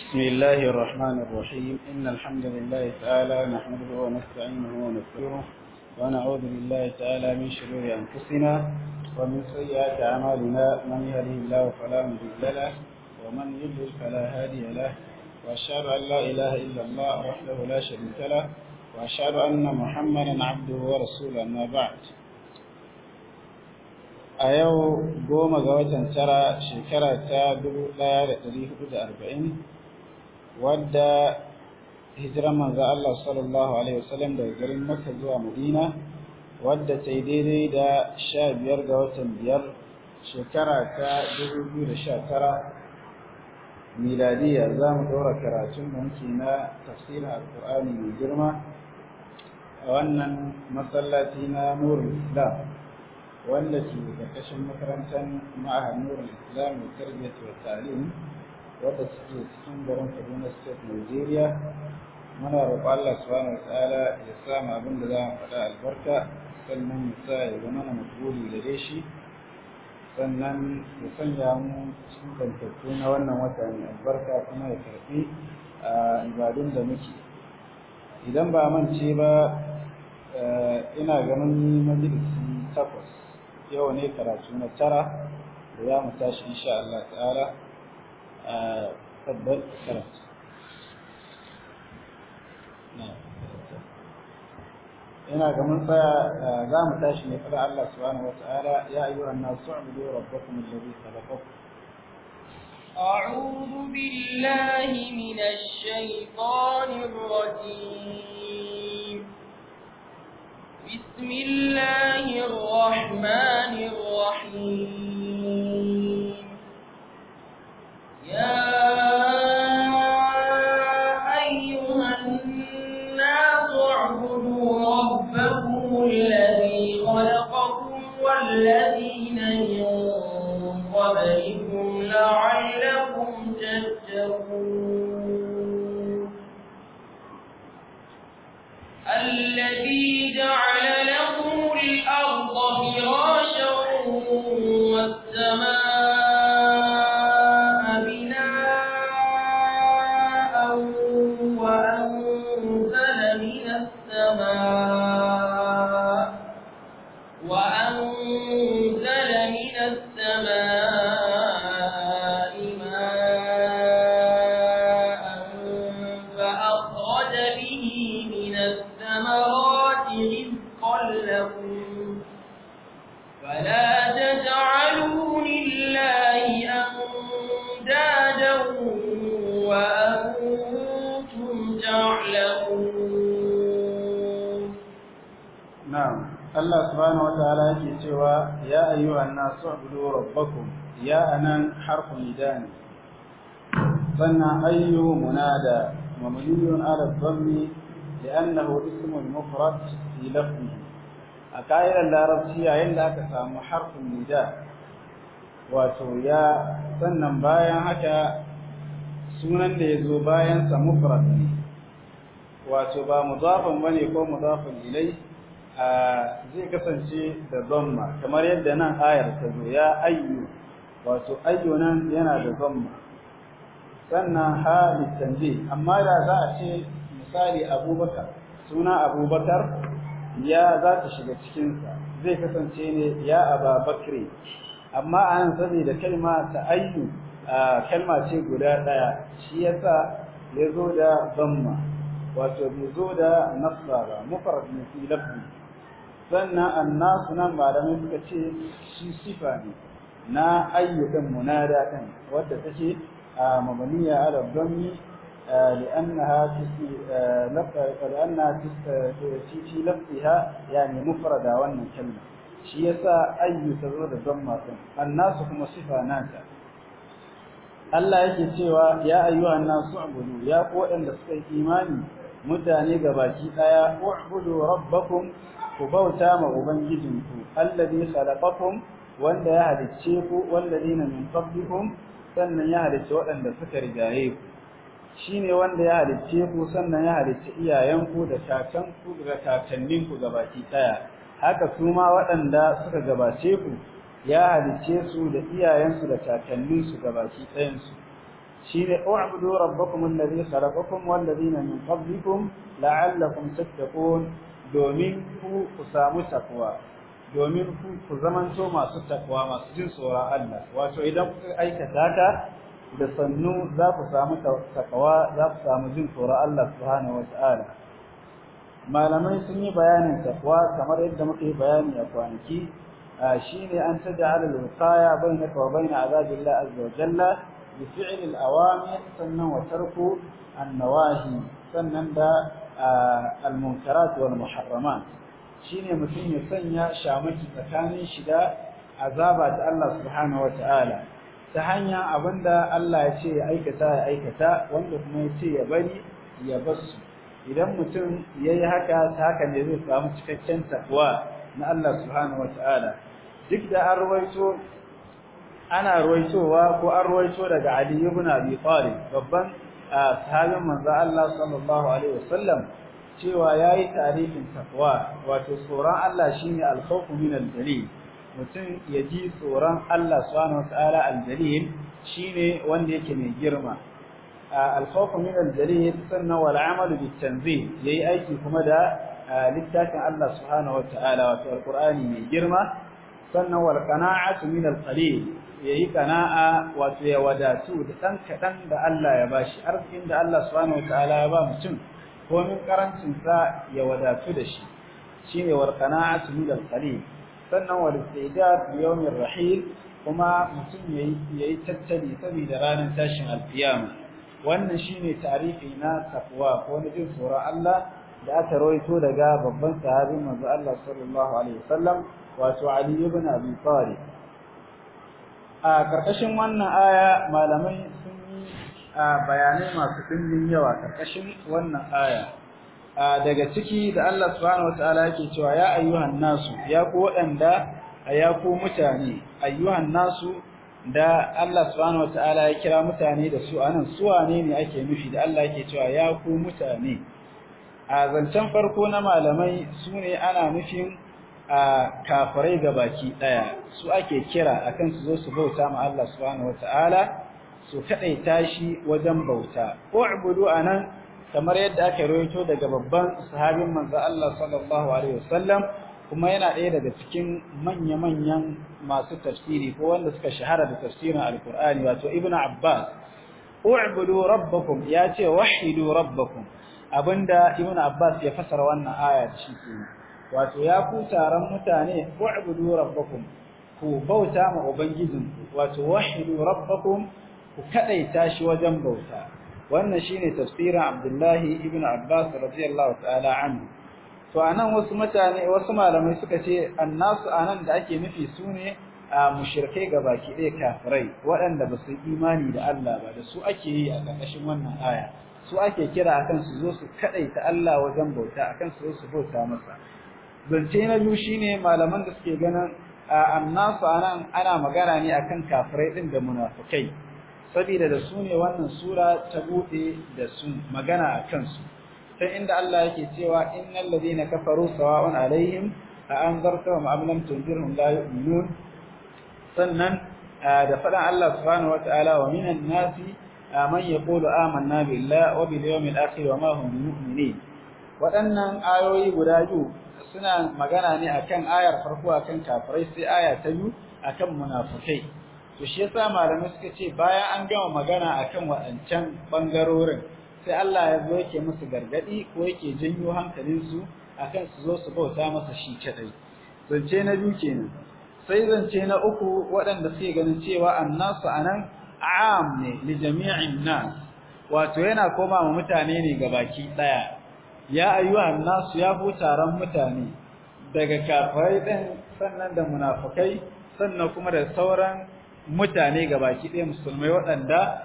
بسم الله الرحمن الرحيم إن الحمد لله تعالى نحمده ونستعينه ونستغفره ونعوذ بالله تعالى من شرور أنفسنا ومن سيئات أعمالنا من يهده الله فلا مضل له ومن يضلل فلا هادي له وأشهد أن لا إله إلا الله وحده لا شريك له وأشهد أن محمدا عبده ورسوله أما بعد a yau goma ga watan tara shekara ta dubu wadda hijiran manzan Allah sallallahu alaihi wasallam daga garin Makka zuwa Madina wadda ta yi daidai da biyar ga watan biyar shekara ta 2019 miladiya za mu ɗora karatun banki na tafsirin alkur'ani mai girma a wannan masallaci na nurin islam wanda ke ƙarƙashin makarantar ma'ahar nurin islam da tarbiyyar wa wadda suke cikin garin Kaduna State Nigeria muna roƙon Allah subhanahu wataala ya samu abin da za mu faɗa albarka sannan ya sa ya zama na mutuli da shi sannan ya sanya mu cikin kantattu na wannan wata albarka kuma ya karɓi a ibadun da muke idan ba mance ba ina ganin majalisi takwas yau ne karatu na tara da za mu tashi insha Allah ta'ala تفضل سلام نعم. هنا كمان فقام آه، تاشن يقرا الله سبحانه وتعالى يا ايها الناس اعبدوا ربكم الذي خلقكم اعوذ بالله من الشيطان الرجيم بسم الله الرحمن الرحيم ya anan harfun nida ne sannan ayyu munada mabniyun ala dhammi li'annahu ismun mufrad fi lafzihi a ƙa'idar larabci yayin da aka samu harfin nida wato ya sannan bayan haka sunan da ya zo bayansa mufrad ne wato ba mudafin bane ko mudafin ilai zai kasance da dhamma kamar yadda nan ayar ta zo ya ayyu wato ayyunan yana da zamma sannan hali litanzi amma da za a ce misali abubakar suna abubakar ya za ta shiga sa zai kasance ne ya ababakri amma a nan da kalma ta ayyu kalma ce guda ɗaya shi yasa ya zo da zamma wato bai zo da nasara ba ne fi lafzi sannan annasu nan malamai suka ce shi sifa ne na ayyukan munada din wadda take mabaniya ala dhammi لأنها لأنها في لفظها يعني مفردة وأن كلمة شيسا أي تزود الضمة الناس هم صفة ناسا Allah yake cewa ya ayyuhan nasu abudu ya ku da suka yi imani mutane gabaki daya ubudu rabbakum ku bauta ma ubangijinku alladhi khalaqakum wanda ya halicce ku wallazina min qablikum sannan ya halicce waɗanda suka rigaye ku shine wanda ya halicce ku sannan ya halicce iyayenku da ku da tatannin ku gabaki daya haka su ma waɗanda suka gabace ku ya halicce su da iyayensu da tatannin su gabaki ɗayan su shine u'budu rabbakum alladhi khalaqakum wallazina min qablikum la'allakum tattaqun domin ku ku samu takwa domin ku zamanto masu takwa masu jin tsoron Allah wato idan kuka aikata ta da sannu za ku samu takawa za ku samu jin tsoron Allah subhanahu wata'ala malamai sun yi bayanin takwa kamar yadda muka yi bayani a kwanaki shine an taj'al al-wiqaya bainaka wa bain azabillah azza wa jalla bi fi'l al-awamir sannan wa tarku an-nawahi sannan da al-munkarat wal muharramat shine mutum ya sanya shamaki tsakanin shiga azaba ta Allah subhanahu wataala ta hanya abinda Allah ya ce ya aikata ya aikata wanda kuma ya ce ya bari ya basu idan mutum yayi haka ta haka ne zai samu cikakken takwa na Allah subhanahu wataala duk da an ana ruwaitowa ko an ruwaito daga Ali ibn Abi Talib babban ah, sahabin manzo Allah sallallahu alaihi wasallam cewa ya yi tarihin takwa wato tsoron Allah shine ne khawfu min al-dalil mutum ya ji tsoron Allah subhanahu al-dalil shine wanda yake mai girma A khawfu min al-dalil sannan wal amalu bit-tanzih yayi aiki kuma da littafin Allah subhanahu wataala wato al mai girma sannan wal qana'atu min al ya yayi kana'a wato ya wadatu da ɗan kaɗan da Allah ya bashi arzikin da Allah subhanahu wataala ya ba mutum komin karancinsa ya wadatu da shi shine war qana'atu min al-qalil sannan wal istidad li yawm ar-rahil kuma mutum yayi yayi tattali saboda ranar tashin al-qiyama wannan shine tarihi na taqwa ko na jin tsoron Allah da aka rawaito daga babban sahabin manzo Allah sallallahu alaihi wasallam wato Ali ibn Abi Talib a karkashin wannan aya malamai sun A bayanai masu dindin yawa ƙarƙashin wannan aya daga ciki da Allah subhanahu wataala yake cewa ya ayyuhan nasu ya ku waɗanda ya ku mutane ayyuhan nasu da Allah subhanahu wataala ya kira mutane da su anan su wane ne ake nufi da Allah yake cewa ya ku mutane a zancen farko na malamai su ne ana nufin a kafirai ga baki ɗaya su ake kira akan su zo su bauta ma Allah subhanahu wataala su kadaita shi wajen bauta u'budu anan kamar yadda aka rawaito daga babban sahabin manzo Allah sallallahu alaihi wasallam kuma yana ɗaya daga cikin manya-manyan masu tafsiri ko wanda suka shahara da tafsirin alkur'ani wato ibnu abbas u'budu rabbakum ya ce wahidu rabbakum abinda ibnu abbas ya fasara wannan aya da shi wato ya ku taron mutane u'budu rabbakum ku bauta ma ubangijinku wato wahidu rabbakum ku kadaita shi wajen bauta wannan shine tafsirin Abdullahi ibn Abbas radiyallahu ta'ala anhu to anan wasu mutane wasu malamai suka ce annasu anan da ake nufi sune mushrikai gabaki ɗaya kafirai waɗanda ba su imani da Allah ba da su ake yi a ƙarƙashin wannan aya su ake kira akan su zo su kadaita Allah wajen bauta akan su zo su bauta masa zance na biyu shine malaman da suke ganin annasu anan ana magana ne akan kafirai din da munafikai saboda da su ne wannan sura ta bude da su magana a kansu ta inda Allah yake cewa innal ladina kafaru sawa'un alaihim a anzartahum am lam tunzirhum la yu'minun sannan da fadan Allah subhanahu wataala wa minan nasi man yaqulu amanna billahi wa bil yawmil akhir wa ma hum mu'minin waɗannan ayoyi guda biyu suna magana ne akan ayar farko akan kafirai sai aya ta biyu akan munafikai to shi yasa malamai suka ce bayan an gama magana akan waɗancan bangarorin sai Allah ya zo yake musu gargadi ko yake janyo hankalin su akan su zo su bauta masa shi kadai zance na biyu kenan sai zance na uku waɗanda suke ganin cewa annasu anan am ne li jami'in nas wato yana koma wa mutane ne ga baki daya ya ayyu annasu ya fu taron mutane daga kafirai din sannan da munafikai sannan kuma da sauran mutane gabaki ɗaya musulmai waɗanda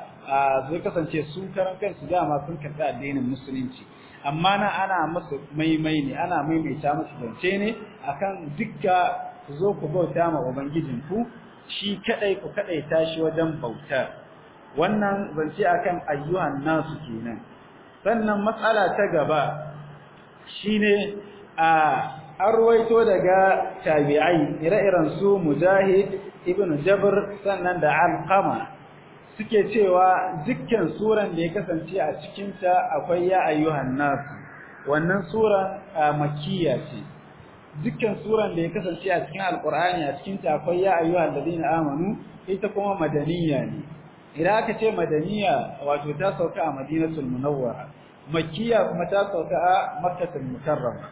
zai kasance su karan kansu dama sun karɓi addinin musulunci amma na ana masu maimai ne ana maimaita masu zance ne akan dukka ku zo ku bauta ma ubangijinku shi kaɗai ku kadai tashi wajen bautar wannan zance kan ayyuhan nasu kenan sannan matsala ta gaba shine a arwaito daga tabi'ai ire-iren su mujahid ibn jabr sannan da alqama suke cewa dukkan suran da ya kasance a cikin ta akwai ya ayyuhan nas wannan sura makkiya ce dukkan suran da ya kasance a cikin alqur'ani a cikin ta akwai ya ayyuhal ladina amanu ita kuma madaniya ne idan aka ce madaniya wato ta sauka a madinatul munawwara makkiya kuma ta sauka a makkatul mukarrama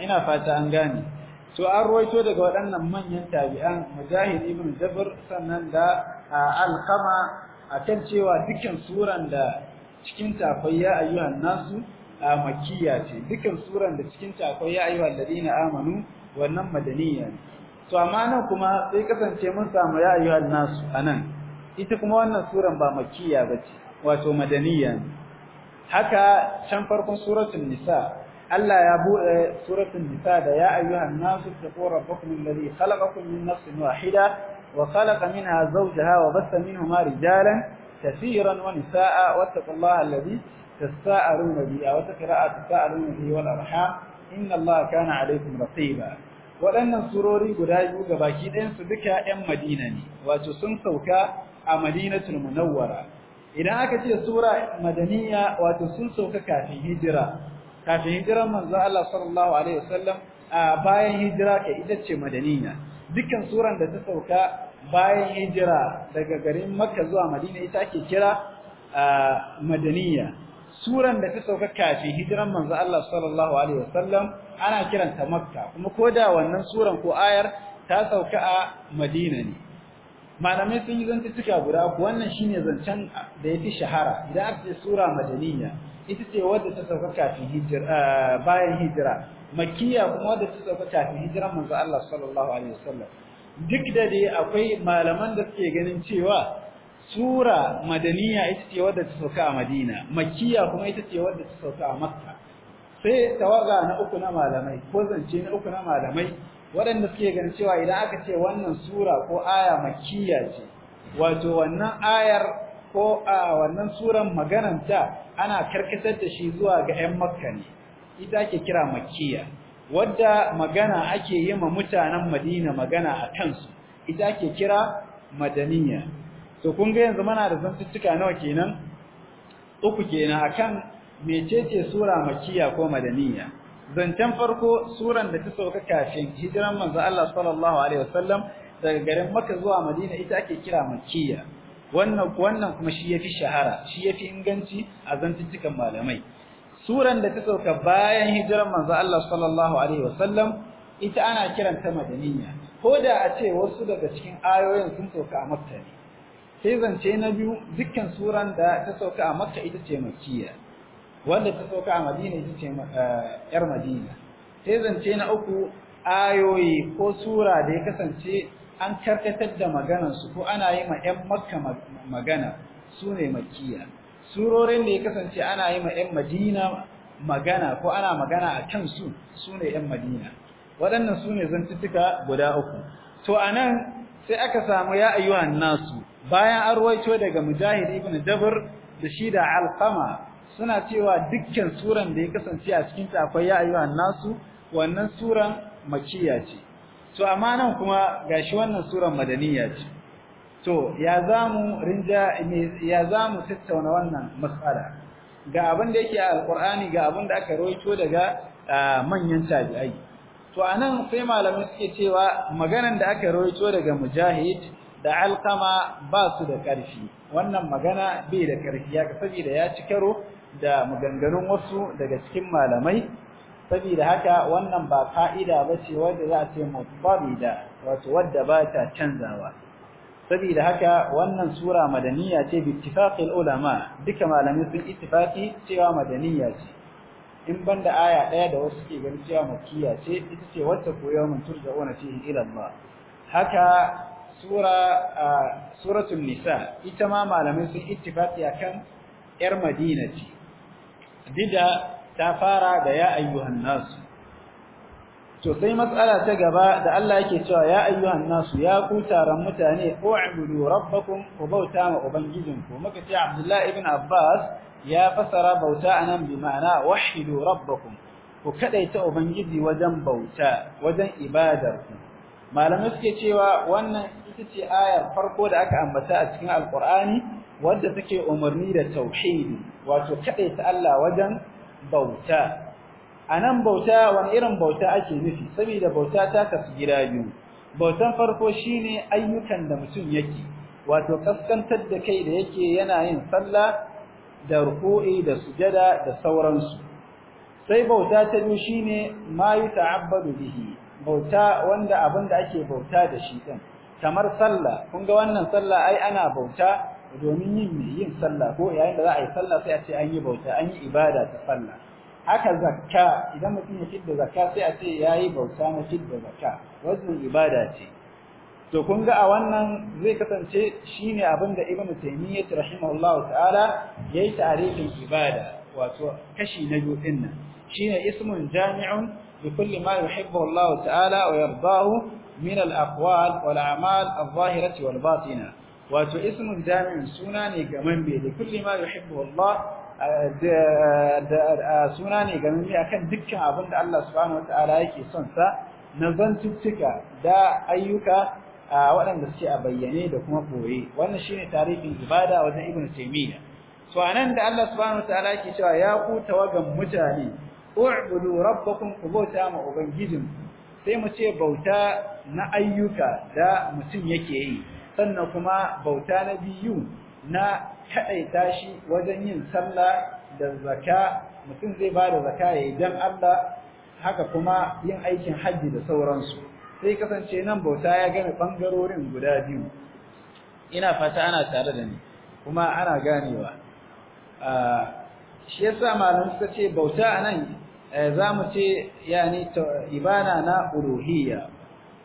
ina fata an gane so an ruwaito daga waɗannan manyan tabi'an mujahid ibn jabr sannan da alqama kan cewa dukkan suran da cikin takwai ya ayyuhan nasu makkiya ce dukkan suran da cikin takwai ya ayyuhal ladina amanu wannan madaniya ne to amma nan kuma sai kasance mun samu ya ayyuhan nasu anan ita kuma wannan suran ba makkiya bace wato madaniya ne haka can farkon suratul nisa Allah ya buɗe suratul nisa da ya ayyuhan nasu taqu rabbakum alladhi khalaqakum min nafsin wahida wa khalaqa minha zawjaha wa bassa minhuma rijalan kathiran wa nisaa wattaqullaha alladhi a bihi wa taqra'a tasaaluna bihi wal arham inna Allah allaha kana alaykum raqiba waɗannan surori guda biyu ga baki ɗayansu duka 'yan Madina ne, wato sun sauka a Madinatul Munawwara. Idan aka ce Sura Madaniya wato sun sauka kafin hijira, kafin hijiran manzo Allah sallallahu alaihi wasallam bayan hijira ke ita ce madaniya dukkan suran da ta sauka bayan hijira daga garin Makka zuwa Madina ita ake kira madaniya suran da ta sauka kafin hijiran manzo Allah sallallahu alaihi wasallam ana kiranta Makka kuma koda wannan suran ko ayar ta sauka a Madina ne malamai sun yi zantuka guda wannan shine zancen da yafi shahara idan aka ce sura madaniya ita ce wadda ta sauka kafin hijira bayan hijira makkiya kuma wadda ta sauka kafin hijira. manzo Allah sallallahu alaihi wasallam duk da dai akwai malaman da suke ganin cewa sura madaniya ita ce wadda ta sauka a Madina makkiya kuma ita ce wadda ta sauka a Makka sai tawaga na uku na malamai ko zance na uku na malamai waɗanda suke ganin cewa idan aka ce wannan sura ko aya makkiya ce wato wannan ayar ko a wannan suran magananta ana karkatar da shi zuwa ga 'yan makka ne ita ake kira makkiya wadda magana ake yi ma mutanen madina magana a kansu ita ake kira madaniya to kun ga yanzu muna da zantuttuka nawa kenan uku kenan akan mecece sura makkiya ko madaniya zancen farko suran da ta sauka kafin hijiran manzo Allah sallallahu alaihi wasallam daga garin Makka zuwa Madina ita ake kira makkiya wannan wannan kuma shi yafi shahara shi yafi inganci a zantuttukan malamai suran da ta sauka bayan hijiran manzo Allah sallallahu alaihi wasallam ita ana kiranta madaniya ko da a ce wasu daga cikin ayoyin sun sauka a makka ne sai zance na biyu dukkan suran da ta sauka a makka ita ce makkiya wanda ta sauka a madina ita ce eh, yar madina sai zance na uku ayoyi ko sura da ya kasance an karkatar da maganansu ko ana yi ma ‘yan makka magana su ne makiya surorin da ya kasance ana yi ma ‘yan madina magana ko ana magana a kan su ne ‘yan madina waɗannan su ne zantuttuka guda uku to a nan sai aka samu ya ayyuwa nasu bayan an ruwaito daga mujahid ibn dabur da shi da alkama suna cewa dukkan suran da ya kasance a ta akwai ya ayyuwa nasu wannan suran makiya ce to amma nan kuma gashi wannan suran madaniya ce to ya zamu rinja ya zamu tattauna wannan mas'ala ga abin da yake a alqur'ani ga abin da aka roito daga manyan tabi'ai to anan sai malamai suke cewa maganan da aka roito daga mujahid da alqama ba su da karfi wannan magana bai da karfi ya saboda ya ci karo da maganganun wasu daga cikin malamai saboda haka wannan ba fa'ida bace wanda za a ce mutabida wato wanda ba ta canzawa saboda haka wannan sura madaniya ce bi ittifaqil ulama duka malamai sun ittifaqi cewa madaniya ce in banda aya daya da wasu ke ganin cewa makkiya ce ita ce wacce koyo mun turja'una fihi ila Allah haka sura suratul nisa ita ma malamai sun a akan yar madina ce dida ta fara da ya ayyuhan nasu to sai matsala ta gaba da Allah yake cewa ya ayyuhan nasu ya ku taron mutane u'budu rabbakum ku bauta ma ubangijinku muka ce Abdullahi ibn Abbas ya fasara bauta anan bi ma'ana wahidu rabbakum ku kadaita ubangiji wajen bauta wajen ibadarku malamai suke cewa wannan ita ce ayar farko da aka ambata a cikin alqur'ani wadda take umarni da tauhidi wato kadaita Allah wajen bauta nan bauta wani irin bauta ake nufi saboda bauta ta kasu gida biyu bautan farko shine ayyukan da mutum yake wato kaskantar da kai da yake yana yin sallah da ruku'i da sujada da sauransu sai bauta ta biyu shine ma ta'abbadu bihi bauta wanda abin da ake bauta da shi din kamar sallah kun ga wannan sallah ai ana bauta domin yin yin sallah ko yayin da za a yi sallah sai a ce an yi bauta an yi ibada ta sallah haka zakka idan mutum ya fidda zakka sai a ce yayi bauta na fidda zakka wannan ibada ce to kun ga a wannan zai kasance shine abin da Ibn Taymiyyah rahimahullahu ta'ala yayi ta'arifin ibada wato kashi na biyu din nan shine ismun jami'un li kulli ma yuhibbu Allah ta'ala wa yardahu min al-aqwal wal a'mal adh-dhahirati wal batinah wato ismun jami'in suna ne ga mambe da kulli ma yuhibbu Allah da suna ne ga mambe akan dukkan abin da Allah subhanahu wataala yake son sa na zantuttuka da ayyuka waɗanda suke a bayyane da kuma koye wannan shine tarihin ibada wajen ibnu taymiya so anan da Allah subhanahu wataala yake cewa ya ku tawagan mutane u'budu rabbakum kubota ma ubangijin sai mu ce bauta na ayyuka da mutum yake yi sannan kuma bauta na biyu na kaɗaita shi wajen yin sallah da zaka mutum zai bada da zaka ya yi don Allah haka kuma yin aikin hajji da sauransu sai kasance nan bauta ya gane ɓangarorin guda biyu ina fata ana tare da ni kuma ana ganewa shi yasa malam suka ce bauta anan? nan eh, za mu ce yani ibana na uluhiyya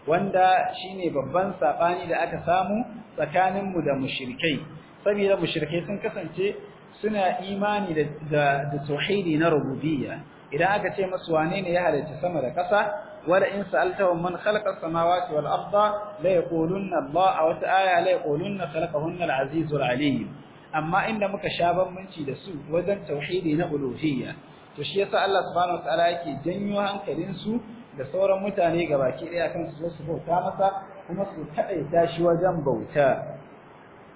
wanda shine babban sabani da aka samu tsakanin mu da mushrikai saboda mushrikai sun kasance suna imani da da tauhidi na rububiyya idan aka ce masu wane ne ya halarci sama da ƙasa wala in sa'altahum man khalaqa as-samawati wal arda la a Allah aw ta'ala la yaqulunna khalaqahunna al-azizul alim amma inda muka sha bambanci da su wajen tauhidi na uluhiyya to shi yasa Allah subhanahu wa ta'ala yake janyo hankalin su da sauran mutane gabaki ɗaya kan su su bauta masa kuma su kadaita shi wajen bauta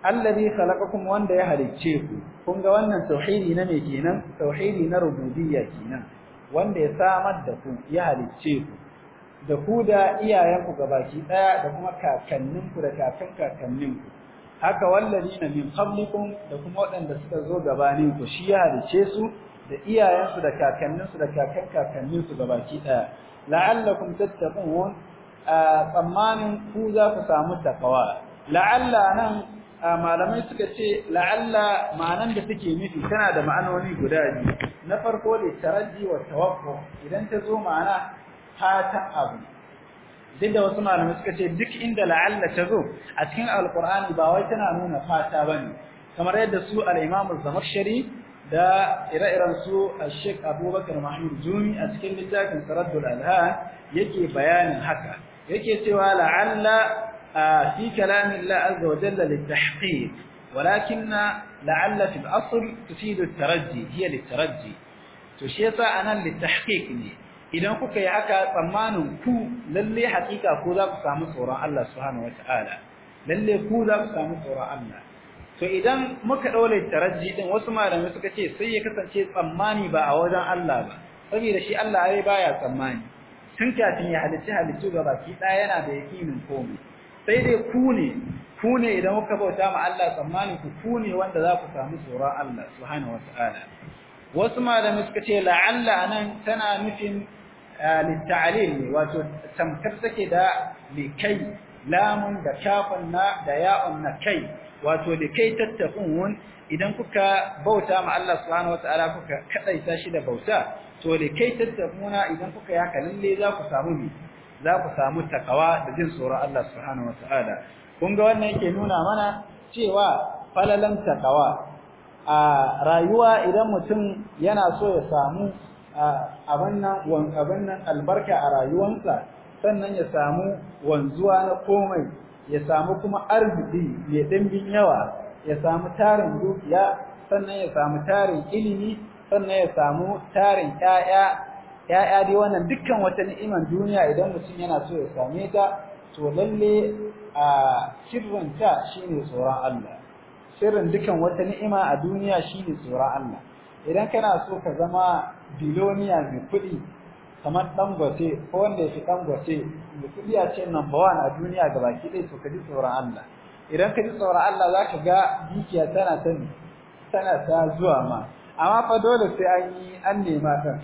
allazi khalaqakum wanda ya halicce ku kun ga wannan tauhidi na me kenan tauhidi na rububiyya kenan wanda ya samar da ku ya halicce ku da ku da iyayenku ga baki ɗaya da kuma kakanninku da kakan kakanninku haka wallazina min qablikum da kuma waɗanda suka zo gabaninku shi ya halice su da iyayensu da kakanninsu da kakan kakanninsu gabaki ɗaya. la'allakum tattaqun tsammanin ku za ku samu takawa la'alla nan malamai suka ce la'alla ma'anan da take nufi tana da ma'anoni guda biyu na farko da taraji wa tawakku idan ta zo ma'ana fatan abu duk da wasu malamai suka ce duk inda la'alla ta zo a cikin alqur'ani ba wai tana nuna fata bane kamar yadda su al-imamu shari da ire-iren su a sheik abubakar mahmud jumi a cikin littafin saraddul alhan yake bayanin haka yake cewa la'alla fi kalamin la azza wa jalla litahqiq walakin la'alla fi asl tufidu tarajji hiya to shi yasa anan litahqiq ne idan kuka yi haka tsammanin ku lalle hakika ko za ku samu tsoron Allah subhanahu wa lalle ku za ku samu tsoron Allah to idan muka daure taraji din wasu malamai suka ce sai ya kasance tsammani ba a wajen Allah ba saboda shi Allah ai baya tsammani tun kafin ya halicci halittu ga baki daya yana da yakinin komai sai dai ku ne ku ne idan muka bauta ma Allah tsammani ku ku ne wanda za ku samu tsoron Allah subhanahu wataala wasu malamai suka ce la'alla nan tana nufin eh, littalil ne wato tamkar take da likai lamun da kafin na da ya'un na kai wato da kai tattaqun idan kuka bauta ma Allah subhanahu wataala kuka kadaita shi da bauta to da kai tattaquna idan kuka yi lalle za ku samu bi za ku samu takawa da jin tsoron Allah subhanahu wataala kun ga wannan yake nuna mana cewa falalan takawa a rayuwa idan mutum yana so ya samu abin nan wan abin nan albarka a rayuwarsa sannan ya samu wanzuwa na komai ya samu kuma arziki mai dimbin yawa ya samu tarin dukiya sannan ya samu tarin ilimi sannan ya samu tarin ƴaƴa ƴaƴa dai wannan dukkan wata ni'imar duniya idan mutum yana so ya same ta to lalle a sirrin ta shine tsoron Allah sirrin dukkan wata ni'ima a duniya shine tsoron Allah idan kana so ka zama biloniya mai kuɗi kamar dangote ko wanda yake dangote da kudi a ce number 1 a duniya baki dai to ji tsoron Allah idan ji tsoron Allah zaka ga dukiya tana ta tana ta zuwa ma amma fa dole sai an yi an nema kan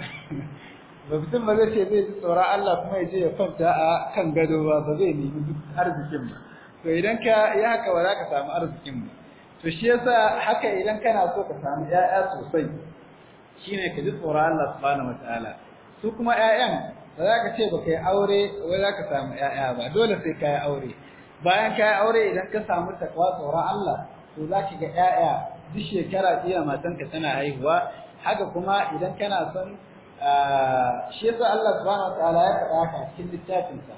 ba mutum ba zai ce zai ji tsoron Allah kuma ya je ya kwanta a kan gado ba ba zai nemi duk arzikin ba to idan ka yi haka ba za ka samu arzikin ba to shi yasa haka idan kana so ka samu 'ya'ya sosai shine ka ji tsoron Allah subhanahu wataala su kuma ƴaƴan ba za ka ce ba ka yi aure wai za ka samu ƴaƴa ba dole sai ka aure bayan kaya aure idan ka samu takwa tsoron Allah to za ka ga 'ya'ya duk shekara iya matan tana haihuwa haka kuma idan kana son shi yasa Allah subhanahu wataala ya faɗa haka cikin littafin sa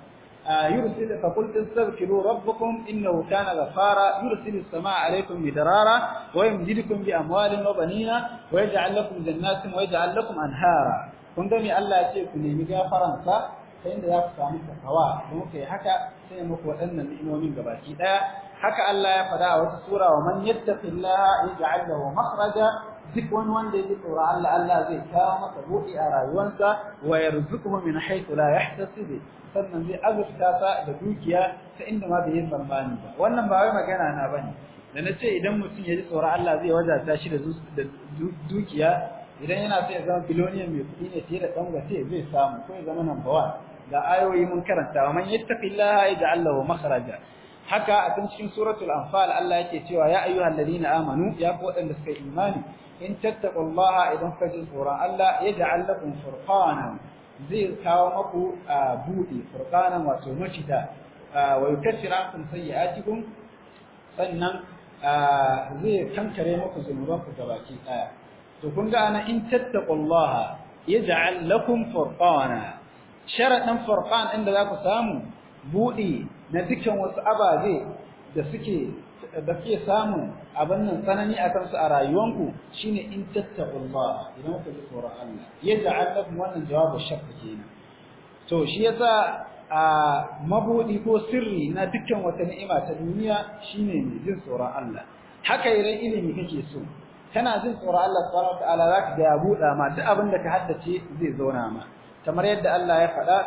yursil fa qul istaghfiru rabbakum innahu kana ghafara yursil as-samaa'a 'alaykum midrara wa yumdidukum bi amwalin wa banina wa yaj'al lakum jannatin wa yaj'al anhara kun Allah ya ce ku nemi gafaransa ta inda za ku samu takawa don kai haka sai muku waɗannan ni'imomin gabaki daya haka Allah ya faɗa a wasu sura wa man yattaqillaha yaj'al lahu makhraja duk wani wanda ya tsora Allah Allah zai kawo masa buɗi a rayuwarsa wa yarzuquhu min haythu la yahtasib sannan zai azurta sa da dukiya ta inda ma bai yi tsammani ba wannan ba wai magana na bane da na ce idan mutum ya ji tsoron Allah zai wadata shi da dukiya idan yana so ya zama biloniyan mai kuɗi ne fiye da dangote zai samu ko ya zama number one ga ayoyi mun karanta wa man da Allah wa makhraja haka a tun cikin suratul anfal Allah yake cewa ya ayyuhal ladina amanu ya ku waɗanda suka yi imani in tattaqullaha idan kuka ji tsoron Allah yaj'al lakum furqana zai kawo maku buɗe furqana wato mafita wa yukaffir ankum sayyi'atikum sannan zai kankare maku zunubanku gabaki ɗaya. to kun ga ana in tattaqullaha yaj'al lakum furqana sharadan furqan inda za ku samu budi na dukkan wasu ababe da suke da suke samun abin nan tsanani a kan su a rayuwanku shine in tattaqullaha idan ku ji tsoron Allah yaj'al lakum wannan jawabu shakka kenan to shi yasa a mabudi ko sirri na dukkan wata ni'ima ta duniya shine mai jin tsoron Allah haka idan ilimi kake so kana jin tsoron Allah subhanahu wataala zaka ga ya buɗa ma duk abin da ka haddace zai zauna ma kamar yadda Allah ya faɗa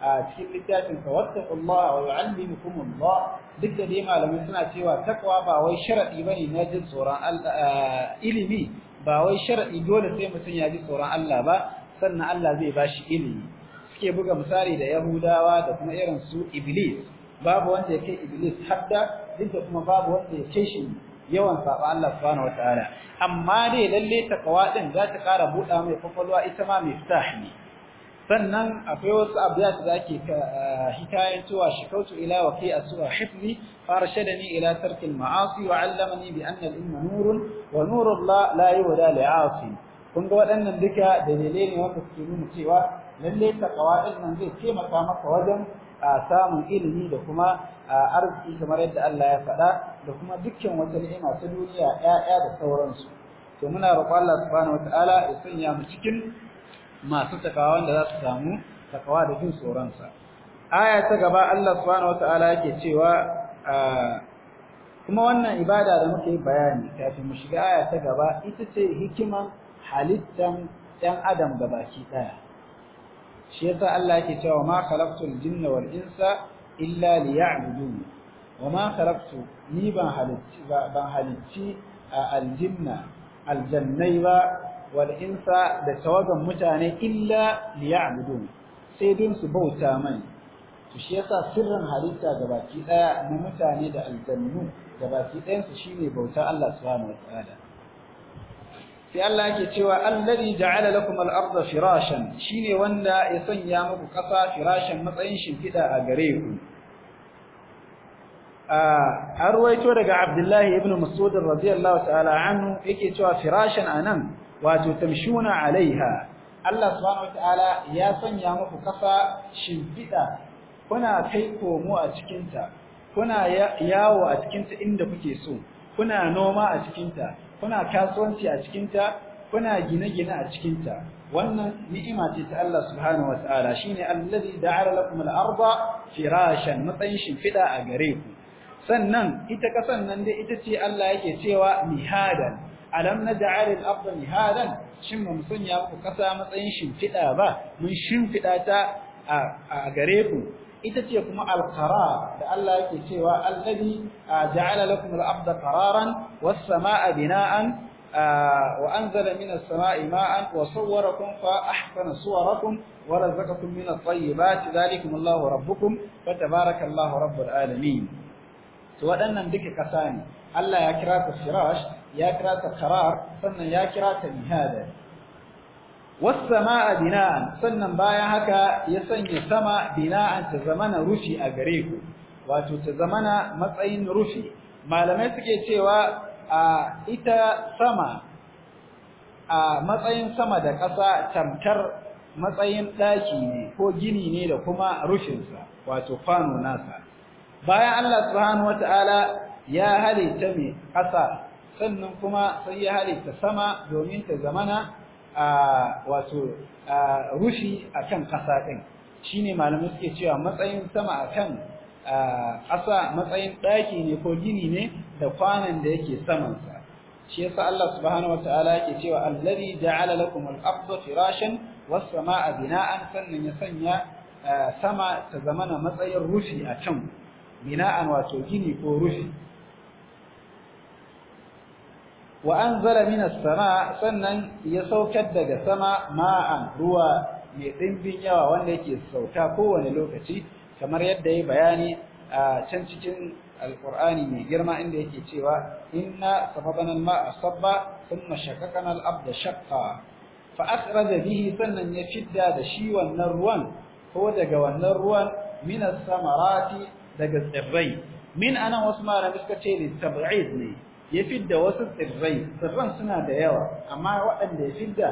a cikin littafin sa wattaqullaha wa yu'allimukumullah duk da dai malamai suna cewa takwa ba wai sharadi bane na jin tsoron Allah ilimi ba wai sharadi dole sai mutum ya ji tsoron Allah ba sannan Allah zai bashi ilimi suke buga misali da Yahudawa da kuma irin su Iblis babu wanda ya kai Iblis hadda duk da kuma babu wanda ya kai shi yawan saba Allah subhanahu wataala amma dai lalle takawa din za ta kara buɗa mai kwakwalwa ita ma miftah ne sannan akwai wasu abiyat da ake eh, hikayen cewa shikautu ila wa fi aswa hifzi farshadani ila tarki al-ma'asi wa 'allamani bi anna al-ilma nurun wa nuru Allah la yuwala li'asi kun ga waɗannan duka dalilai ne wanda suke nuna cewa lalle takawa din nan zai taimaka maka wajen A samun ilimi da kuma arziki kamar yadda Allah ya faɗa da kuma dukkan wata ni'ima ta duniya ƴaƴa da sauransu to muna roƙon Allah subhanahu wataala ya sanya mu cikin masu takawa wanda za su samu takawa da jin tsoronsa aya ta gaba Allah subhanahu wataala yake cewa kuma wannan ibada da muke bayani kafin mu shiga aya ta gaba ita ce hikiman halittan ɗan adam gabaki ɗaya shi yasa Allah yake cewa ma khalaqtul jinna wal insa illa liya'budun wa ma khalaqtu ni ban halicci ban halicci aljinna aljannai ba wal insa da tawagan mutane illa liya'budun sai dun su bauta mani to shi yasa sirrin halitta gabaki daya na mutane da aljannu gabaki ɗayan su shine bauta Allah subhanahu wa ta'ala sai Allah yake cewa allazi ja'ala lakum al-ardha firashan shine wanda ya sanya muku kasa firashan matsayin shimfida a gare ku a ruwaito daga Abdullahi ibn Mas'ud radiyallahu ta'ala anhu yake cewa firashan anan wato tamshuna alaiha Allah subhanahu wataala ya sanya muku kasa shimfida kuna kai komo a cikin ta kuna yawo a cikin ta inda kuke so kuna noma a cikin ta kuna kasuwanci a cikinta kuna gine-gine a cikinta wannan ni'ima ce ta Allah subhanahu wataala shine allazi da'ara lakum al-arda firashan matsayin shimfida a gare ku sannan ita kasan nan dai ita ce Allah yake cewa mihadan alam naj'al al-arda mihadan shin mun ya ku kasa matsayin shimfida ba mun shimfida ta a gare ku ita ce kuma al da Allah yake cewa allazi ja'ala lakum al-ardha qararan was-samaa bina'an wa anzala minas samaa'i ma'an wa sawwarakum fa ahsana suwarakum wa razaqakum min at-tayyibati dhalikum Allahu rabbukum fa tabarakallahu rabbul alamin to waɗannan duka ƙasa ne Allah ya kira ta firash ya kira ta qarar sannan ya kira ta nihada wasama'a bina'an sannan bayan haka ya sanya sama bina'an ta zamana rufi a gare ku wato ta zamana matsayin rufi malamai suke cewa a ita sama a matsayin sama da ƙasa tamtar matsayin ɗaki ne ko gini ne da kuma rufinsa wato kwano nasa bayan Allah subhanahu wata'ala ya halitta mai ƙasa sannan kuma sai ya halitta sama domin ta zamana wato rufi akan ƙasa ɗin shine malamai suke cewa matsayin sama akan ƙasa matsayin ɗaki ne ko gini ne da kwanan da yake samansa shi yasa Allah subhanahu wataala yake cewa allazi ja'ala lakum al-ardha firashan was-samaa bina'an sannan ya sanya sama ta zamana matsayin rufi a can bina'an wato gini ko rufi wa anzala minas sama sannan ya saukar daga sama ma'an ruwa mai dimbin yawa wanda yake sauka kowane lokaci kamar yadda ya bayani a can cikin alqur'ani mai girma inda yake cewa inna sababana ma'a sabba thumma shaqaqana al-abda shaqqa fa akhraja bihi sannan ya fidda da shi wannan ruwan ko daga wannan ruwan minas samarati daga tsirrai min ana wasu mara suka ce li tab'id ne ya fidda wasu tsirrai tsirran suna da yawa amma waɗanda ya fidda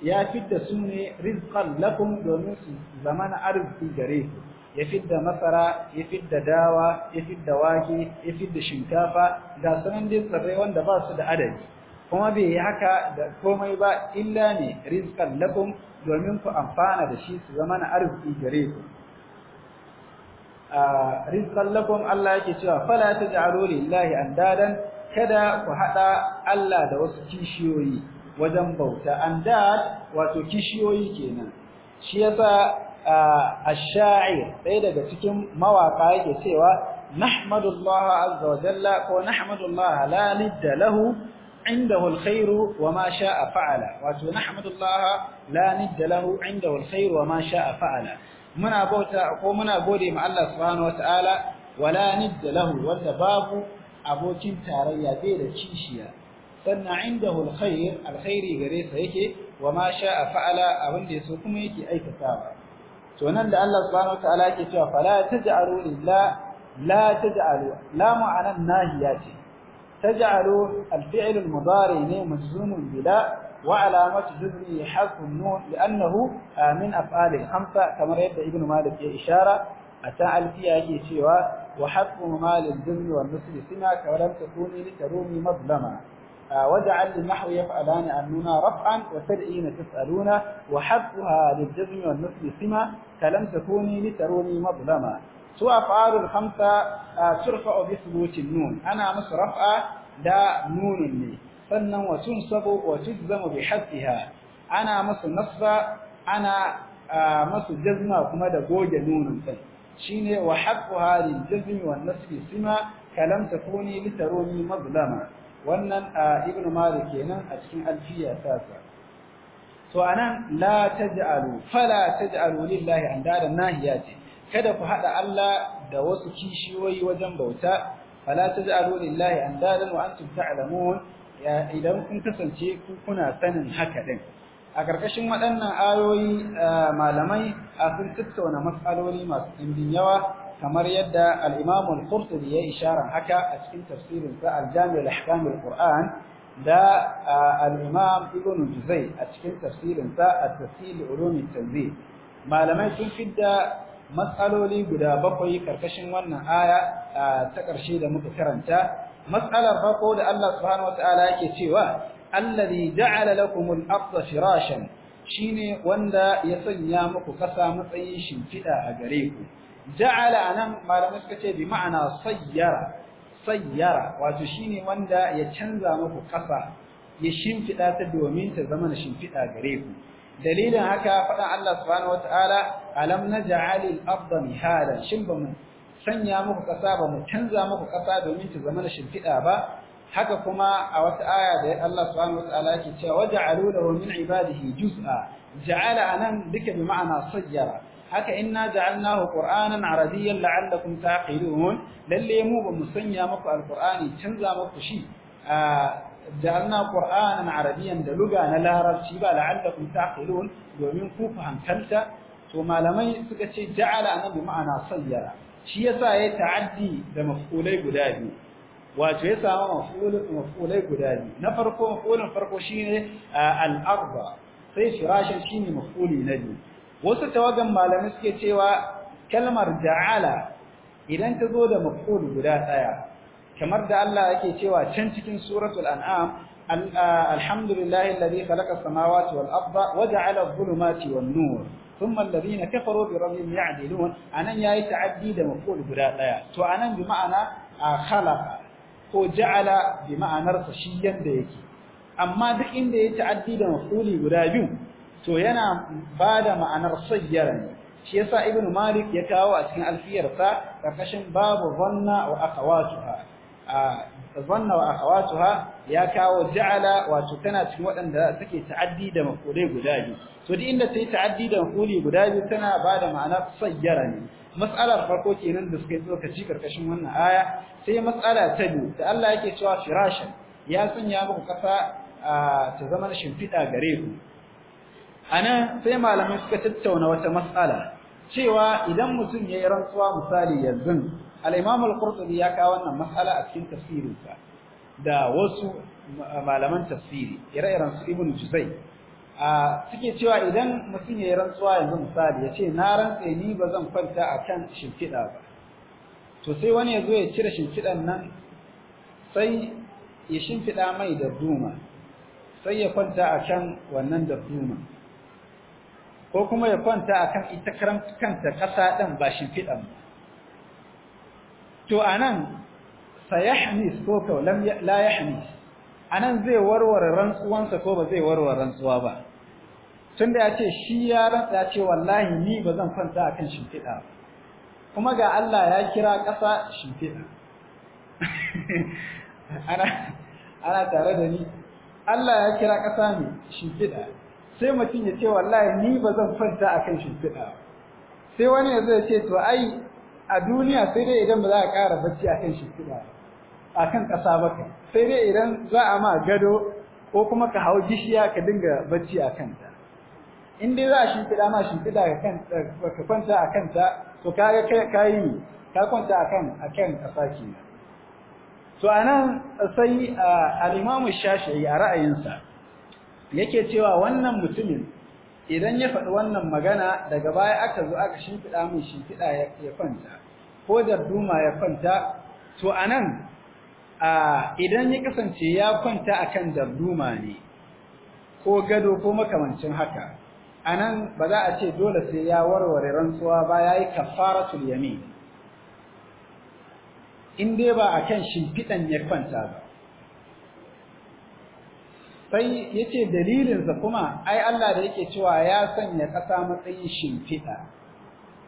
ya fidda su ne rizqan lakum domin su zama na arziki gare su ya fidda masara ya fidda dawa ya fidda wake ya fidda shinkafa ga sanan dai tsirrai wanda ba su da adadi kuma bai yi haka da komai ba illa ne rizqan lakum domin ku amfana da shi su zama na arziki gare ku ah, rizqan lakum Allah yake cewa fala taj'alu lillahi andadan kada ku haɗa Allah da wasu kishiyoyi wajen bauta andad wato kishiyoyi kenan shi yasa ash-sha'ir ɗaya daga cikin mawaka yake cewa nahmadullaha azza wa jalla ko nahmadullaha la nidda lahu muna bauta ko muna gode ma Allah subhanahu wataala wala nidda lahu wanda babu abokin tarayya bai da kishiya sannan indahu alkhair alkhairi gare sa yake wa ma sha'a fa'ala abin da yaso kuma yake aikatawa to nan da Allah subhanahu wataala yake cewa fala taj'alu lillah la taj'alu la ma'anan nahiyati taj'alu alfi'l almudari ne majzumun bila وعلامة جزمه حذف النون لأنه kamar yadda ibnu كما ya ishara a إشارة alfiya yake cewa. وحقهما للذم والنسل سما ولم تكوني لترومي مظلما وجعل للنحو يفعلان أننا رفعا وتدعين تسألون وحقها للجزم والنسل سما كلم تكوني لتروني مظلما سوى أفعال الخمسة ترفع بثبوت النون أنا مس رفعة دا نون لي سنا وتنصب وتجزم بحذفها أنا مس نصب أنا مس جزمة وكما دا جوج نون سنة shine wa haqquha lil jazmi wan nasbi sima kalam takuni litaruni mazlama wannan a Ibn malik kenan a cikin alfiya tasa to anan la taj'alu fala taj'alu lillahi andada nahiya ce kada ku haɗa Allah da wasu kishiyoyi wajen bauta fala taj'alu lillahi andadan wa antum ta'lamun idan kun kasance ku kuna sanin haka ɗin. a ƙarƙashin waɗannan ayoyi eh, malamai a sun tattauna matsaloli masu ɗimbin yawa kamar yadda al'imamul imam ya yi ya isharar haka a cikin tafsirin sa al-Jami' al quran da eh, al’imam Ibn juzai a cikin tafsirin sa a tafsirin ulumin tanzi malamai sun fidda matsaloli guda bakwai ƙarƙashin wannan aya eh, ta ƙarshe da muka karanta matsalar farko da Allah subhanahu wataala yake cewa alladhi ja'ala lakumul arda shirashan shine wanda ya sanya muku kasa matsayin shimfida a gare ku ja'ala anan malamai suka ce bi ma'ana sayyara sayyara wato shine wanda ya canza muku kasa ya shimfida ta domin ta zama na shimfida gare ku dalilin haka faɗan Allah subhanahu wataala alam naj'alil arda mihalan shin ba mu sanya muku kasa ba mu canza muku kasa domin ta zama na shimfida ba haka kuma a wata aya da Allah subhanahu wataala yake cewa waja'alu lahu min ibadihi juz'a ja'ala anan duka bi ma'ana sayyara haka inna ja'alnahu qur'anan arabiyyan la'allakum taqilun lalle mu ba mu sanya muku alqur'ani canza muku shi ja'alna qur'anan arabiyyan da luga na larabci ba la'allakum taqilun domin ku fahimtanta to malamai suka ce ja'ala anan bi ma'ana sayyara shi yasa ya ta'addi da maf'ulai guda biyu wato ya samu maf'ulai guda biyu na farko maf'ulun farko shine eh, al-arba sai firashin shine maf'uli na biyu wasu tawagan malamai suke cewa kalmar daala idan ta zo da maf'ul guda ɗaya. kamar da Allah yake cewa can cikin suratul an'am eh, alhamdulillahi alladhi khalaqa as-samawati wal arda wa ja'ala adh-dhulumati wan-nur ثم الذين كفروا بربهم يعدلون anan yayi ta'addi da maf'ul guda ɗaya. to anan bi ma'ana eh, khalaqa ko ja'ala bi ma'anarsa shi yanda yake amma duk inda ya ta'addi da maf'uli guda biyu to yana bada ma'anar sayyara ne shi yasa ibnu malik ya kawo a cikin alfiyarsa karkashin babu zanna wa akhawatuha zanna wa akhawatuha ya kawo ja'ala wato tana cikin waɗanda take ta'addi da maf'ulai guda biyu to duk inda tayi ta'addi da maf'uli guda biyu tana bada ma'anar sayyara ne mas'alar farko kenan da suka yi tsokaci karkashin wannan aya sai matsala ta biyu da Allah yake cewa firashin ya sanya muku kasa ta zama shimfiɗa gare ku anan sai malaman suka tattauna wata matsala cewa idan mutum yayi rantsuwa misali yanzu al-Imam al-Qurtubi ya kawo wannan matsala a cikin tafsirinsa da wasu malaman tafsiri ire-iren su Ibn Juzay a suke cewa idan mutum yayi rantsuwa yanzu misali ya ce na rantse ni bazan kwanta akan shimfiɗa ba to sai wani ya zo ya cire shimfiɗan nan sai ya shimfiɗa mai da duma sai ya kwanta a kan wannan da duma ko kuma ya kwanta a kan ita kanta ƙasa ɗin ba shimfiɗan ba to a nan sayahnis ko kau la yahnis a nan zai warware rantsuwansa ko ba zai warware rantsuwa ba tun da ya ce shi ya rantsa ya ce wallahi ni ba zan kwanta a kan shimfiɗa ba kuma ga Allah ya kira ƙasa shimfiɗa ana ana tare da ni Allah ya kira ƙasa ne shimfiɗa sai mutum ya ce wallahi ni ba zan fanta akan shimfiɗa sai wani ya zai ce to ai a duniya sai dai idan ba za a ƙara bacci akan shimfiɗa akan ƙasa ba kai sai dai idan za a ma gado ko kuma ka hau gishiya ka dinga bacci akan ta in dai za a shimfiɗa ma shimfiɗa ka kwanta akan ta to kaga kai kai ka kwanta akan akan asaki to anan sai al-Imam Shafi'i a ra'ayinsa yake cewa wannan mutumin idan ya faɗi wannan magana daga baya aka zo aka shimfiɗa min shimfiɗa ya kwanta ko da duma ya kwanta to anan idan ya kasance ya kwanta akan darduma ne ko gado ko makamancin haka anan ba za a ce dole sai ya warware rantsuwa ba yayi kafaratul yamin in dai ba akan shimfiɗan ya kwanta ba sai yace dalilin sa kuma ai Allah da yake cewa ya sanya ƙasa matsayin shimfiɗa.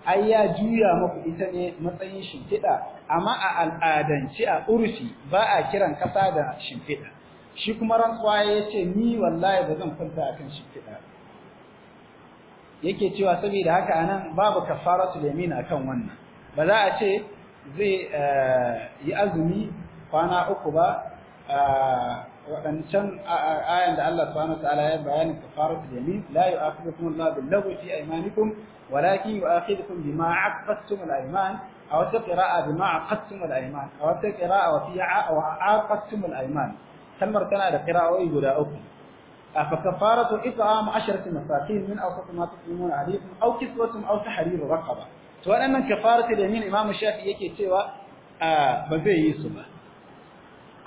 ai ya juya maku ita ne matsayin shimfiɗa? amma a al'adance a urfi ba a kiran ƙasa da shimfiɗa. shi kuma rantsuwa yace ni wallahi ba zan kwanta akan shimfiɗa ba yake cewa saboda haka anan babu kafaratul yamin akan wannan ba za a ce zai eh, yi azumi kwana uku ba eh, waɗancan eh, ayan da Allah subhanahu wataala ya bayani kafaratul yamin la yu'akhidhukum Allah bil lagwi fi aymanikum walakin yu'akhidhukum bima 'aqadtum al ayman aw taqra'a bima 'aqadtum al ayman aw taqra'a wa fi'a wa 'aqadtum al ayman kalmar tana da qira'o'i guda uku فكفارة إطعام عشرة مساكين من أوسط ما تطعمون عليكم أو كسوة أو تحرير رقبة وأن كفارة اليمين الإمام الشافعي يكي تيوى بزي يسوى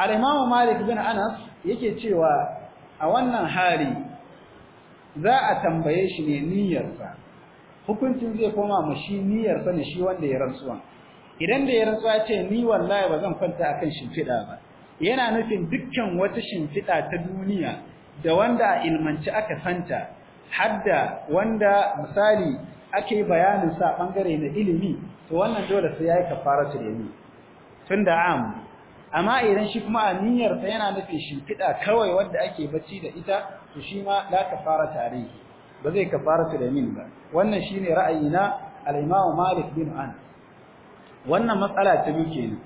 الإمام مالك بن أنس يكي تيوى أولا حالي za a tambaye shi ne niyyarsa hukuncin zai koma mu shi niyyarsa ne shi wanda ya rantsuwa idan da ya rantsuwa ya ce ni wallahi ba zan kwanta akan shimfiɗa ba yana nufin dukkan wata shimfiɗa ta duniya da wanda a ilmanci aka santa hadda wanda misali ake bayanin sa bangare na ilimi to wannan dole sai yayi kafaratu Tun tunda am amma idan shi kuma aniyar sa yana nufin shi fida kawai wanda ake bacci da ita to shi ma la kafarata alayhi ba zai kafaratu yamin ba wannan shine ra'ayina al-Imam Malik bin An. wannan matsala ta biyu kenan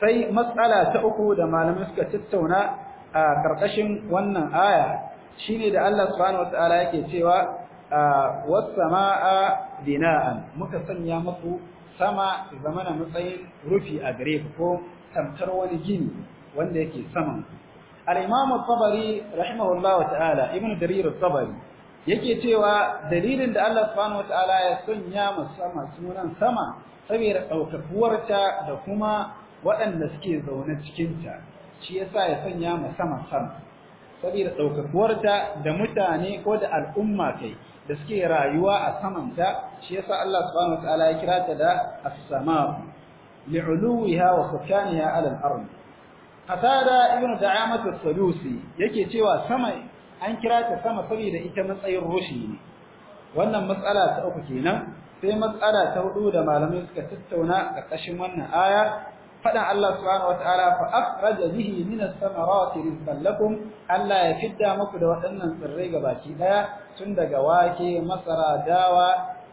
sai matsala ta uku da malamai suka tattauna a ƙarƙashin wannan aya shine da Allah subhanahu wataala yake cewa wasu samaa bina'an muka sanya muku sama zamana matsayin rufi a gare ku ko tamtar wani gini wanda yake saman al-imam at-tabari ta'ala ibn jarir tabari yake cewa dalilin da Allah subhanahu ya sanya sama sunan sama saboda ɗaukakuwarta da kuma waɗanda suke zaune cikin ta shi yasa ya sanya ma sama sama saboda ɗaukakuwarta da mutane ko da al'umma kai da suke rayuwa a samanta shi yasa Allah subhanahu wataala ya kira ta da as-sama li'uluwiha wa sukaniha 'ala al-ard qatada ibn da'amat as-sadusi yake cewa sama an kira ta sama saboda ita matsayin rushi ne wannan matsala ta uku kenan sai matsala ta hudu da malamai suka tattauna a ƙarƙashin wannan aya faɗa Allah subhanahu wataala fa akhraja bihi min as-samarati rizqan lakum Allah ya fidda muku da waɗannan tsirrai gabaki daya tun daga wake masara dawa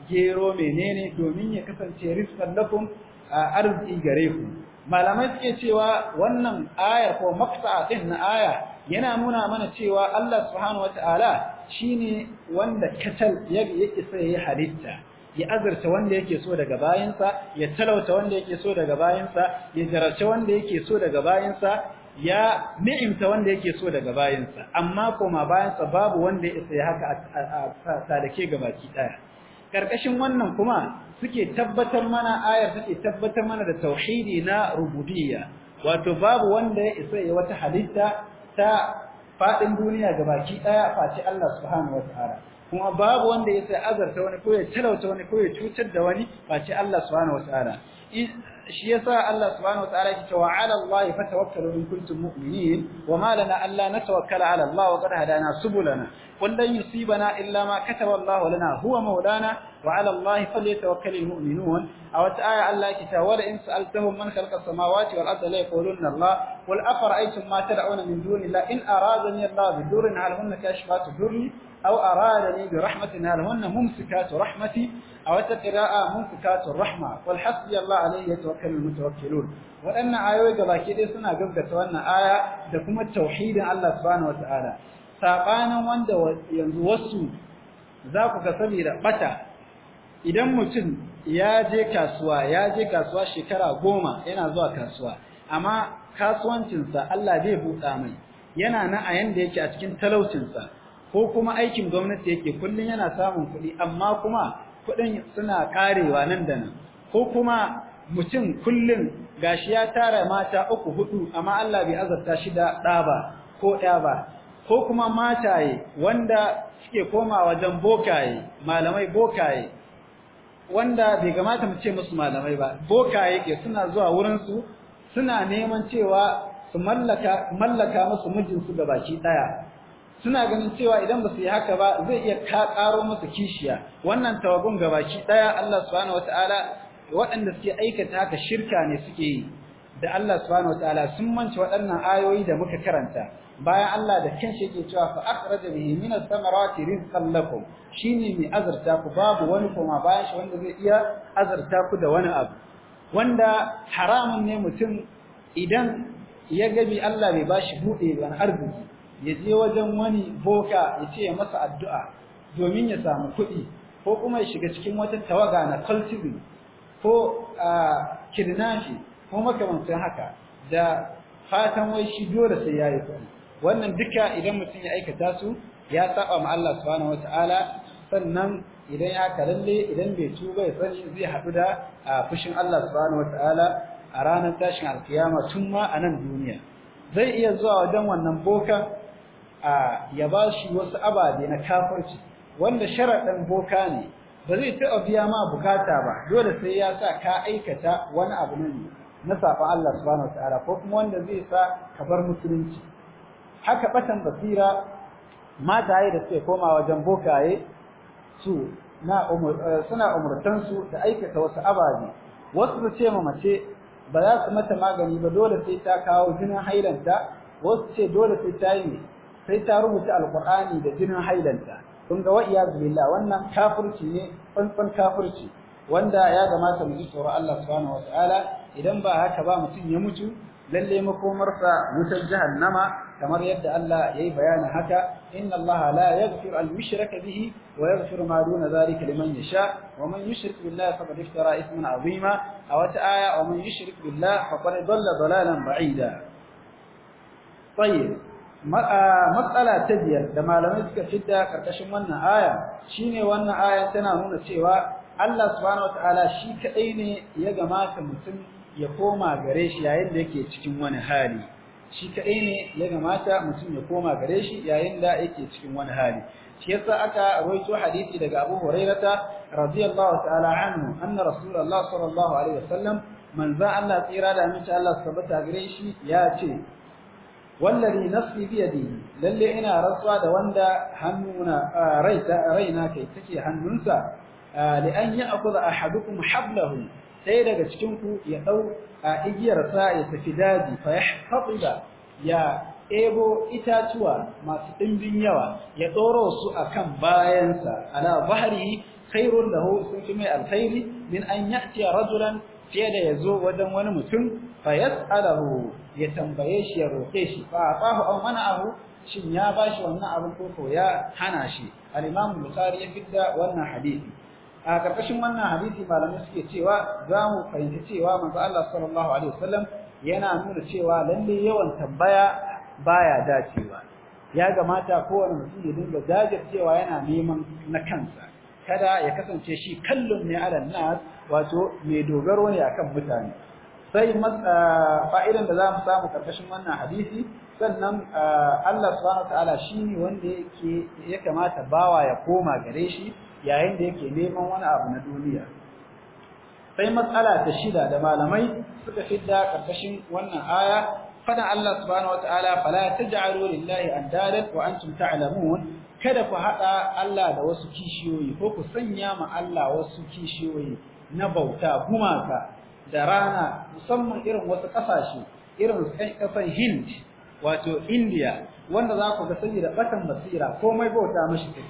gero menene domin ya kasance rizqan lakum arziki gare ku malamai suke cewa wannan ayar ko maqta'a din na aya yana nuna mana cewa Allah subhanahu wataala shine wanda katal yake sai ya halitta ya azurta wanda yake so daga bayansa ya talauta wanda yake so daga bayansa ya jararce wanda yake so daga bayansa ya ni'imta wanda yake so daga bayansa amma koma bayansa babu wanda ya isa haka a sadake gabaki daya karkashin wannan kuma suke tabbatar mana ayar take tabbatar mana da tauhidi na rububiyya wato babu wanda ya isa ya wata halitta ta fadin duniya ga baki daya face Allah subhanahu wataala kuma babu wanda ya sai azarta wani ko ya talauta wani ko ya cutar da wani face Allah subhanahu wataala shi yasa Allah subhanahu wataala ya ce wa ala Allah fatawakkalu in kuntum mu'minin wa ma lana alla natawakkala ala Allah wa qad hadana subulana qul lan yusibana illa ma kataba Allah lana huwa mawlana wa ala Allah falyatawakkalul mu'minun aw ta'ala Allah ya ce wa in sa'altahum man khalaqa samawati wal arda la yaquluna Allah qul afara'aytum ma tad'una min duni Allah in da Allah bidurrin hal hunna kashfatu durri أو أرادني برحمة هل هن ممسكات رحمتي أو تقراء ممسكات الرحمة والحسبي الله عليه يتوكل المتوكلون وأن آيوي قباكي دي سنة قبقة وأن آية تكون التوحيد الله سبحانه وتعالى ساقانا واندا ينزوسوا ذاكو كسبي رأبتا إذا متن ya je kasuwa ya je kasuwa shekara goma yana zuwa kasuwa amma kasuwancinsa Allah bai buɗa mai yana na a yanda yake a cikin talaucinsa ko kuma aikin gwamnati yake kullun yana samun kuɗi amma kuma kuɗin suna karewa nan da nan ko kuma mutum kullun gashi ya tara mata uku hudu amma Allah bai azabta shi da ɗa ba ko ɗaya ba ko kuma mataye wanda suke koma wajen bokaye malamai bokaye wanda bai gamata mu ce musu malamai ba bokaye ke suna zuwa wurin su suna neman cewa su mallaka mallaka musu mijinsu ga baki daya suna ganin cewa idan ba su yi haka ba zai iya karo musu kishiya wannan tawagun gabaki daya Allah subhanahu wataala waɗanda suke aikata haka shirka ne suke yi da Allah subhanahu wataala sun manta waɗannan ayoyi da muka karanta bayan Allah da kanshi yake cewa fa akhraja bihi min ath-thamarati rizqan lakum shine mai azarta ku babu wani koma bayan shi wanda zai iya azarta ku da wani abu wanda haramun ne mutum idan ya gabi Allah bai bashi bude ban arziki ya je wajen wani boka ya ce ya masa addu'a domin ya samu kuɗi ko kuma ya shiga cikin wata tawaga na cultism ko kirnashi ko makamantar haka da fatan wai shi dole sai yi kuɗi wannan duka idan mutum ya aikata su ya saba ma Allah subhanahu wataala sannan idan ya kalalle idan bai tuba ya sani zai haɗu da fushin Allah subhanahu wataala a ranar tashin alkiyama tun ma a nan duniya zai iya zuwa wajen wannan boka a ya ba shi wasu ababe na kafirci wanda sharaɗin boka ne ba zai taɓa biya ma bukata ba dole sai ya sa ka aikata wani abu ne na safa Allah subhanahu wataala ko kuma wanda zai sa ka bar musulunci haka batan basira mataye da suke koma wajen bokaye su eh, suna umurtansu da aikata wasu ababe wasu su ce ma mace ba za su mata magani ba dole sai ta kawo jinin hailanta wasu ce dole sai ta yi sai ta rubuta alkur'ani da jinin hailanta kun ga wa'iyaz billah wannan kafirci ne tsantsan kafirci wanda ya gamata mu ji tsoro Allah subhanahu wataala idan ba haka ba mutum ya mutu lalle makomarsa wutar jahannama kamar yadda Allah yayi bayanin haka inna Allah la yaghfiru al-mushraka bihi wa yaghfiru ma duna dhalika liman yasha wa man yushrik billahi faqad iftara ithman 'azima aw aya wa man yushrik billahi faqad dhalla dhalalan ba'ida طيب matsala ta biyar da malamai suka fidda karkashin wannan aya shine wannan aya tana nuna cewa Allah subhanahu wataala shi kadai ne ya gamata mutum ya koma gare shi yayin da yake cikin wani hali shi kadai ne ya gamata mutum ya koma gare shi yayin da yake cikin wani hali shi yasa aka rawaito hadisi daga Abu Hurairah radiyallahu ta'ala anhu anna Rasulullah sallallahu alaihi wasallam manzo Allah tsira da amince Allah subhanahu gare shi ya ce wallari nafsi bi yadihi lalle ina rantsuwa da wanda hannuna raita raina kai take hannunsa li an ya'khudha ahadukum hablahu sai daga cikin ku ya dau igiyar sa ya tafi daji fa yahtabida ya ebo itatuwa masu dimbin yawa ya doro su akan bayansa ala bahri khairun lahu sun fi mai alkhairi min an ya'ti rajulan fiye da yazo wajen wani mutum fayas'alahu ya tambaye shi ya roke shi fa atahu aw mana'ahu shin ya bashi wannan abin ko ko ya hana shi al-imam bukhari ya fitta wannan hadisi a karkashin wannan hadisi malamai suke cewa za mu fahimci cewa manzo Allah sallallahu alaihi wasallam yana nuna cewa lalle yawan tambaya baya dacewa ya gamata kowane mutum ya dinga jajircewa yana neman na kansa kada ya kasance shi kallon ne ala nas wato mai dogaro ne akan mutane sai ah, fa'idan da za mu samu karkashin wannan hadisi sannan ah, Allah subhanahu shi ne wanda ke, ya kamata bawa ya koma gare shi yayin da yake neman wani abu na duniya sai matsala ta shida da malamai suka fidda karkashin wannan aya Faɗan Allah subhanahu Ta'ala fala taj'alu lillahi andadan wa antum ta'lamun kada ku haɗa Allah da wasu kishiyoyi ko ku sanya ma Allah wasu kishiyoyi na bauta gumaka da rana musamman irin wasu kasashe irin kasan Hind wato India wanda za ku ga saboda bakan basira komai bauta mashi take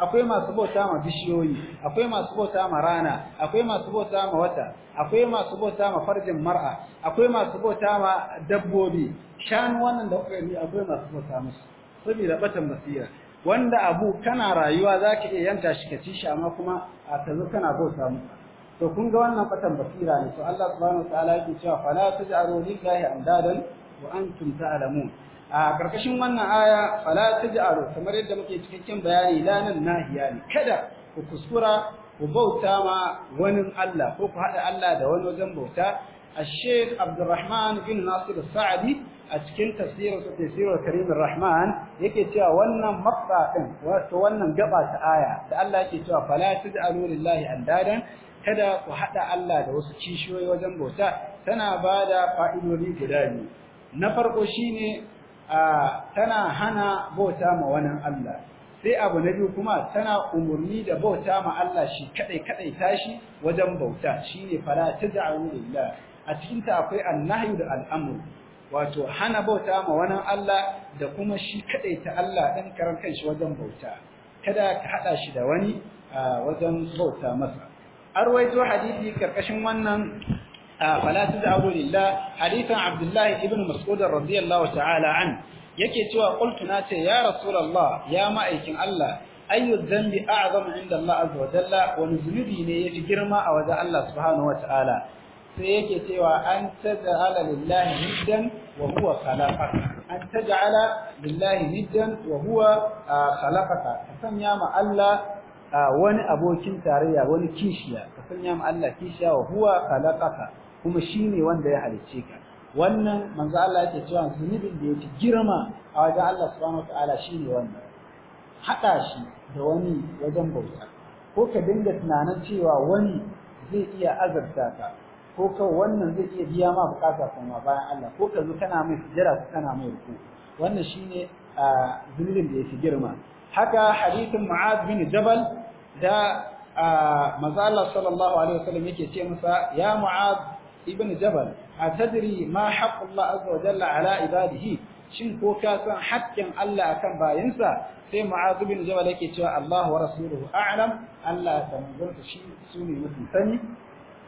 akwai masu bauta ma bishiyoyi akwai masu bauta ma rana akwai masu bauta ma wata akwai masu bauta ma farjin mar'a akwai masu bauta ma dabbobi shanu wannan da kuke ni akwai masu bauta musu saboda bakan basira wanda abu kana rayuwa zaka iya yanka shi ka ci shi amma kuma a kazo kana bauta musu to kun ga wannan fatan basira ne to Allah subhanahu wataala yake cewa fala taj'alu lillahi amdadan wa antum ta'lamun a karkashin wannan aya fala taj'alu kamar yadda muke cikakken bayani lanan nahiya ne kada ku kuskura ku bauta ma wani Allah ko ku haɗa Allah da wani wajen bauta الشيخ عبد الرحمن بن ناصر السعدي أتكن تفسير تفسير كريم الرحمن يكي تيا ونن مقطع وتونن قطع آية الله يكي تيا فلا تجعلوا لله أندادا kada ku hada Allah da wasu kishiyoyi wajen bauta tana bada fa'idodi guda biyu na farko shine tana hana bauta ma wani Allah sai abu na biyu kuma tana umurni da bauta ma Allah shi kadai kadai tashi wajen bauta shine fara taj'alu lillah a cikin ta akwai annahyu da al'amru wato hana bauta ma wani Allah da kuma shi kadai ta Allah dan karan kanshi wajen bauta kada ka hada shi da wani wajen bauta masa arwaito hadisi karkashin wannan fala tad'u lillah hadithan abdullahi ibn mas'ud radiyallahu ta'ala an yake cewa qultu na ce ya rasulullah ya ma'aikin Allah ayyu dhanbi a'zamu inda Allah azza wa jalla wani zunubi ne yafi girma a wajen Allah subhanahu wa ta'ala sai yake cewa an taj'ala lillahi niddan wa huwa khalaqaka an taj'ala lillahi niddan wa huwa khalaqaka sanya ma Allah wani abokin tarayya wani kishiya ka 'ya mu Allah kishiya wa huwa khalaqaka kuma shine wanda ya halicce ka wannan manzo Allah yake cewa zunubin da yake girma a wajen Allah subhanahu wataala shine wannan hada shi da wani wajen bauta ko ka dinga tunanin cewa wani zai iya azabta ka ko ka wannan zai iya biya ma bukata kuma bayan Allah ko ka zo kana mai sujjara kana mai ruku wannan shine zunubin da yake girma haka hadithin Mu'adh bin Jabal da manzo Allah sallallahu alaihi wasallam yake ce masa ya Mu'adh ibn Jabal atadri ma haqqu Allah azza wa jalla ala ibadihi shin ko ka san haƙƙin Allah akan bayinsa sai Mu'adh bin Jabal yake cewa Allah wa rasuluhu a'lam Allah da manzonsa shi sune ne mutum sani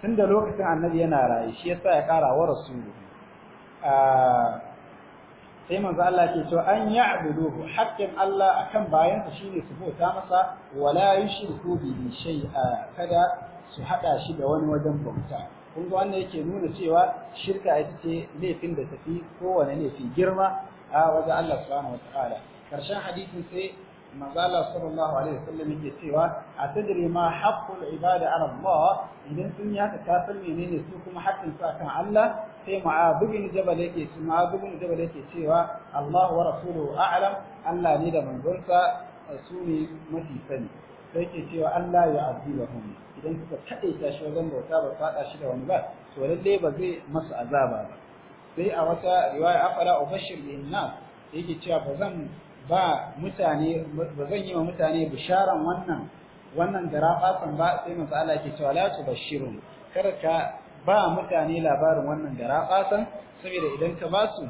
tunda lokacin annabi yana raye shi yasa ya ƙara wa rasuluhu sai manzo Allah ke cewa an ya'buduhu haqqin Allah akan bayansa shine su bauta masa wala yushriku bihi shay'a kada su hada shi da wani wajen bauta kun ga wannan yake nuna cewa shirka ita ce laifin da tafi kowane fi girma a wajen Allah subhanahu wataala karshen hadisin sai mazala sallallahu alaihi wasallam yake cewa a tadri ma haqqul ibada ala Allah idan sun yi haka ka san menene su kuma haƙƙin su akan Allah sai ma'abudin jabal yake cewa ma'abudin jabal yake cewa Allah wa rasuluhu a'lam Allah ne da manzonsa su ne mafi sani sai yake cewa Allah ya azibahum idan suka taɗaita shi wajen bauta ba faɗa shi da wani ba to lalle ba zai masa azaba ba sai a wata riwaya afala ubashir lin nas yake cewa ba zan ba mutane ba zan yi wa mutane bisharan wannan wannan da ba sai manzo ke yake cewa la tubashirun ka ba mutane labarin wannan da rafasan saboda idan ka ba su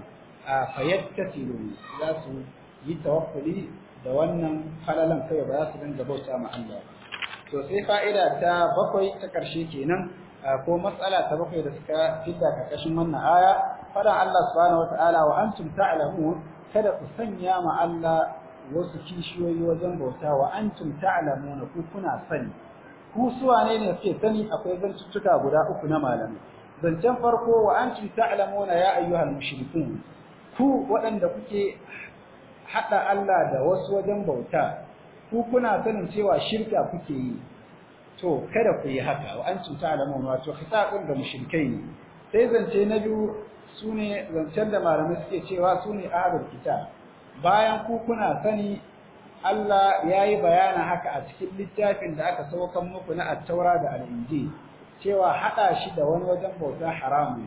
fayattasilu za su yi tawakkuli da wannan halalan kai ba za su dinga bauta ma Allah to sai fa'ida ta bakwai ta karshe kenan ko matsala ta bakwai da suka fita karkashin wannan aya fadan Allah subhanahu wataala wa antum ta'lamun kada ku sanya ma Allah wasu kishiyoyi wajen bauta wa antum ta'lamuna ku kuna sani ku suwa ne ne suke sani akwai zantuttuka guda uku na malamai zancen farko wa antum ta'lamuna ya ayyuhal mushrikun ku waɗanda kuke haɗa Allah da wasu wajen bauta ku kuna sanin cewa shirka kuke yi to kada ku yi haka wa antum ta'lamuna to khitabun da mushrikai ne sai zance na biyu sune zancen da malamai suke cewa sune ahlul kitab bayan ku kuna sani Allah yayi bayana haka a cikin littafin da aka saukar muku na At-Taura da Al-Injil cewa hada shi da wani wajen bauta haramu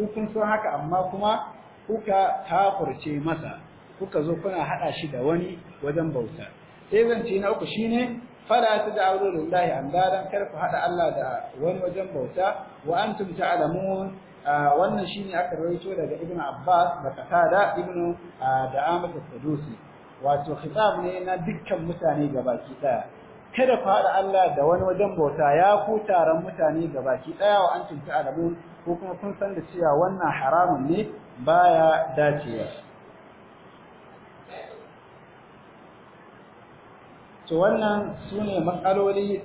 ku kun san haka amma kuma kuka kafirce masa kuka zo kuna hada shi da wani wajen bauta sai zance na uku shine da tad'u lillahi andadan kar ku hada Allah da wani wajen bauta wa antum ta'lamun wannan shine aka rawaito daga Ibn Abbas da Qatada Ibn da Ahmad al-Sadusi wato khitab ne na dukkan mutane gabaki daya kada ku hada Allah da wani wajen bauta ya ku taron mutane gabaki daya wa antum ta'lamun ko kuma kun san da cewa wannan haramun ne baya dacewa to wannan sune matsaloli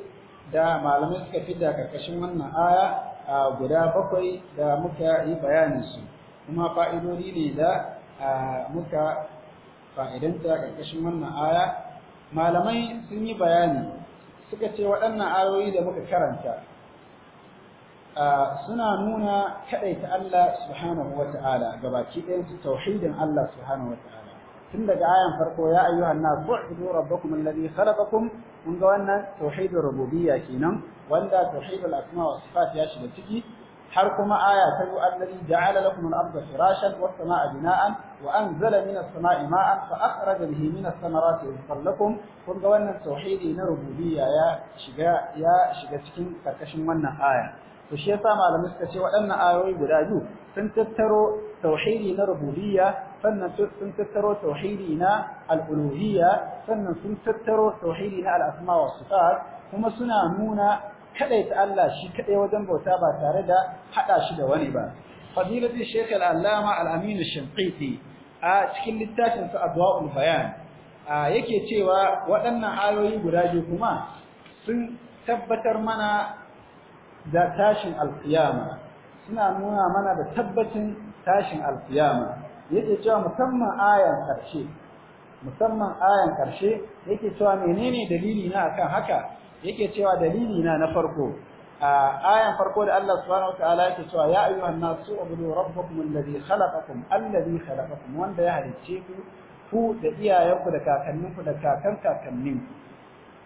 da malamai suka fi da karkashin wannan aya a guda bakwai da muka yi bayanin su kuma fa'idodi ne da muka fa'idanta karkashin wannan aya malamai sun yi bayani suka ce waɗannan ayoyi da muka karanta suna nuna kaɗaita Allah subhanahu wata'ala gabaki ɗinsu tauhidin Allah subhanahu tun daga ayan farko ya ayyuhan nas bu'budu rabbakum alladhi khalaqakum kun ga wannan tauhidur rububiyya kenan wanda tauhidul asma wa sifat ya shiga ciki har kuma aya ta zo alladhi ja'ala lakum al-ardha firashan was samaa bina'an wa anzala minas samaa'i ma'an fa akhraja bihi minas thamarati rizqan lakum kun ga wannan tauhidi na rububiyya ya shiga ya shiga cikin karkashin wannan aya to shi yasa malamai suka ce waɗannan ayoyi guda biyu sun tattaro tauhidi na rububiyya sannan sun tattaro tauhidi na al sannan sun tattaro tauhidi na al'asma asma wa kuma suna nuna kaɗai ta Allah shi kaɗai wajen bauta ba tare da haɗa shi da wani ba fadilatu shaykh allama al-amin a cikin littafin a adwa'ul bayan yake cewa waɗannan ayoyi guda biyu kuma sun tabbatar mana da tashin alfiyama. suna nuna mana da tabbacin tashin alkiyama yake cewa musamman ayan karshe musamman ayan karshe yake cewa menene dalili na akan haka yake cewa dalili na na farko ayan farko da Allah subhanahu wataala yake cewa ya ayyuhan nasu ubudu rabbakum alladhi khalaqakum alladhi khalaqakum wanda ya halicce ku ku da iyayenku da kakanninku da kakan kakanninku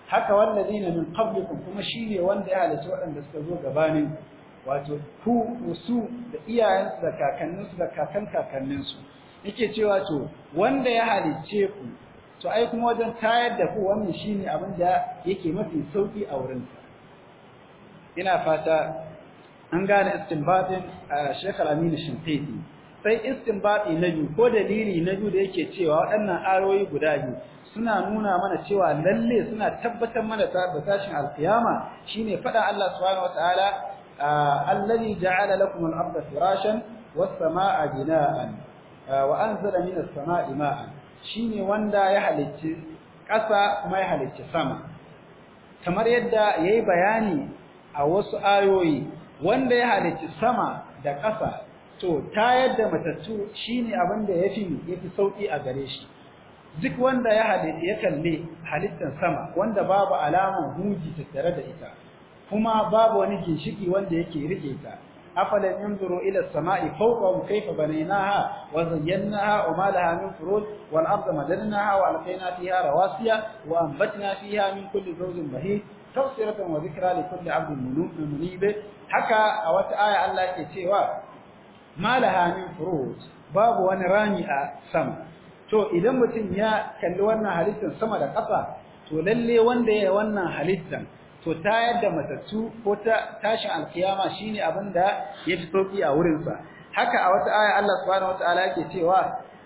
haka wallazina min qablikum kuma shine wanda ya halicce waɗanda suka zo gabanin wato ku su da iyayensu da kakanninsu da kakan kakanninsu yake cewa to wanda ya halicce ku to ai kuma wajen tayar da ku wannan shine abin da yake mafi sauki a wurin ina fata an gane istinbatin Sheikh Al-Amin Shinqiti sai istinbati na biyu ko dalili na biyu da yake cewa waɗannan ayoyi guda biyu suna nuna mana cewa lalle suna tabbatar mana da tashin alkiyama shine fada Allah subhanahu wataala الذي جعل لكم الأرض فراشا والسماء بناء وأنزل من السماء ماء شيني وندا يحلج ƙasa kuma ya halicci sama kamar yadda yayi bayani a wasu ayoyi wanda ya halicci sama da ƙasa to tayar da matattu shine abin da yafi yafi sauki a gare shi duk wanda ya halicci ya kalle halittar sama wanda babu alamar huji tattare da ita kuma babu wani ginshiki wanda yake rike ta afalan yanzuru ila as-sama'i fawqahum kayfa banaynaha wa zayyanaha wa ma laha min furuj wal arda madadnaha wa alqayna fiha rawasiya wa anbatna fiha min kulli zawjin bahij tafsiratan wa dhikra li kulli 'abdin munib haka a wata aya Allah yake cewa ma laha min furuj babu wani rami a sama to idan mutum ya kalli wannan halittar sama da ƙasa to lalle wanda ya wannan halittar to tayar da matattu ko tashin alkiyama shine abin da fi sauki a wurin sa haka a wata aya Allah subhanahu wataala yake cewa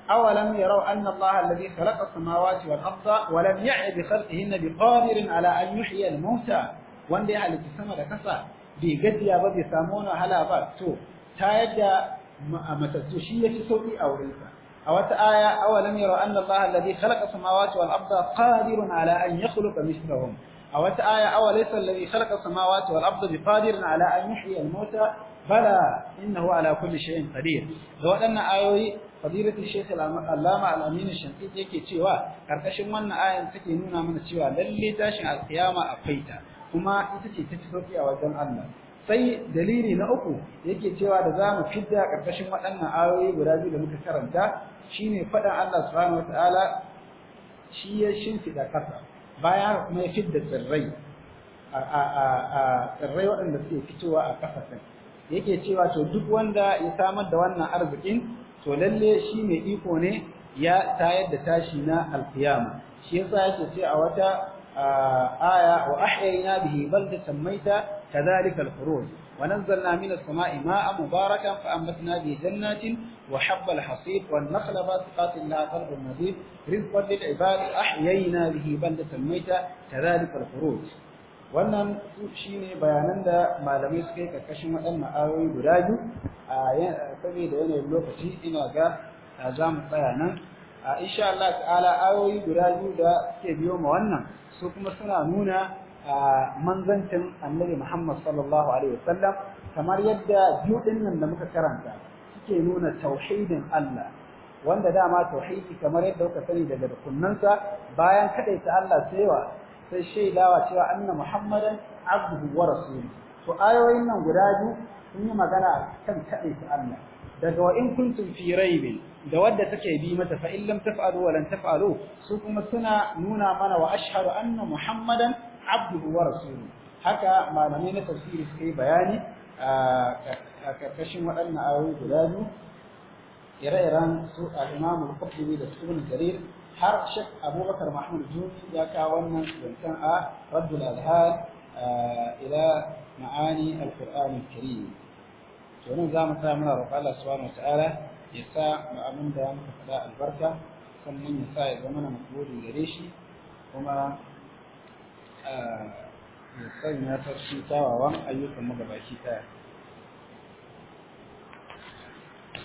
awalam yarau anna Allah alladhi khalaqa samawati wal arda wa lam ya'i bi khalqihinna bi qadirin ala an yuhyiya al mauta wanda ya halitta sama da kasa bai gajiya ba bai samu wani wahala ba to da matattu shi yafi sauki a wurin sa a wata aya awalam yarau anna Allah alladhi khalaqa samawati wal arda qadirun ala an yakhluqa mithlahum a wata aya awalaysa alladhi khalaqa as-samawati wal arda biqadirin ala an yuhyi al mota bala innahu ala kulli shay'in qadir da waɗannan ayoyi fadilatul shaykh al-allama al yake cewa ƙarƙashin wannan ayan take nuna mana cewa lalle tashin al-qiyama akwai ta kuma ita ce ta sauki a wajen Allah sai dalili na uku yake cewa da zamu fidda karkashin waɗannan ayoyi guda biyu da muka karanta shine faɗan Allah subhanahu wataala shi ya shimfiɗa kasa baya kuma ya fidda tsirrai a tsirrai waɗanda suke fitowa a ƙasa yake cewa to duk wanda ya samar da wannan arzikin to lalle shi mai iko ne ya tayar da tashi na alkiyama shi yasa yake ce a wata aya wa ahyayna bihi baldatan mayta kadhalika al-khuruj wa nazzalna min as-sama'i ma'an mubarakan fa anbatna bihi jannatin wa habba al-hasib wan nakhla basiqatin laha tal'un nadid rizqan lil 'ibad ahyayna bihi baldatan mayta kadhalika al-khuruj wannan shine bayanan da malamai suka yi karkashin waɗannan ayoyi guda biyu a saboda yanayin lokaci ina ga za mu tsaya nan a insha Allah ta'ala ayoyi guda biyu da suke biyo ma wannan su kuma suna nuna manzancin Annabi Muhammad sallallahu alaihi wasallam kamar yadda biyu din nan da muka karanta suke nuna tauhidin Allah wanda dama tauhidi kamar yadda kuka sani daga kunnansa bayan kadai ta Allah cewa sai shaidawa cewa anna Muhammadan abduhu wa rasuluhu to ayoyin nan guda biyu sun yi magana kan kadai ta Allah daga wa in kuntum fi raibin da wadda take bi mata fa in taf'alu wa lan taf'alu su kuma suna nuna mana wa ashhadu anna muhammadan abduhu wa rasuluhu haka malamai na tafsiri suka yi bayani a karkashin waɗannan ayoyi guda biyu ire-iren su a imam al da su ibn jarir har shek abubakar mahmud juni ya kawo wannan zancen a raddul alhal ila ma'ani al-qur'an to nan za mu sa muna roƙa Allah subhanahu wa ta'ala ya sa ma abin da muka faɗa albarka sannan ya sa ya zama na makbulin gare shi kuma ah, ya sanya ta cikin tawawan ayyukan mu gabaki ɗaya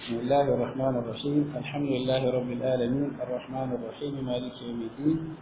بسم الله الرحمن الرحيم الحمد لله رب العالمين الرحمن الرحيم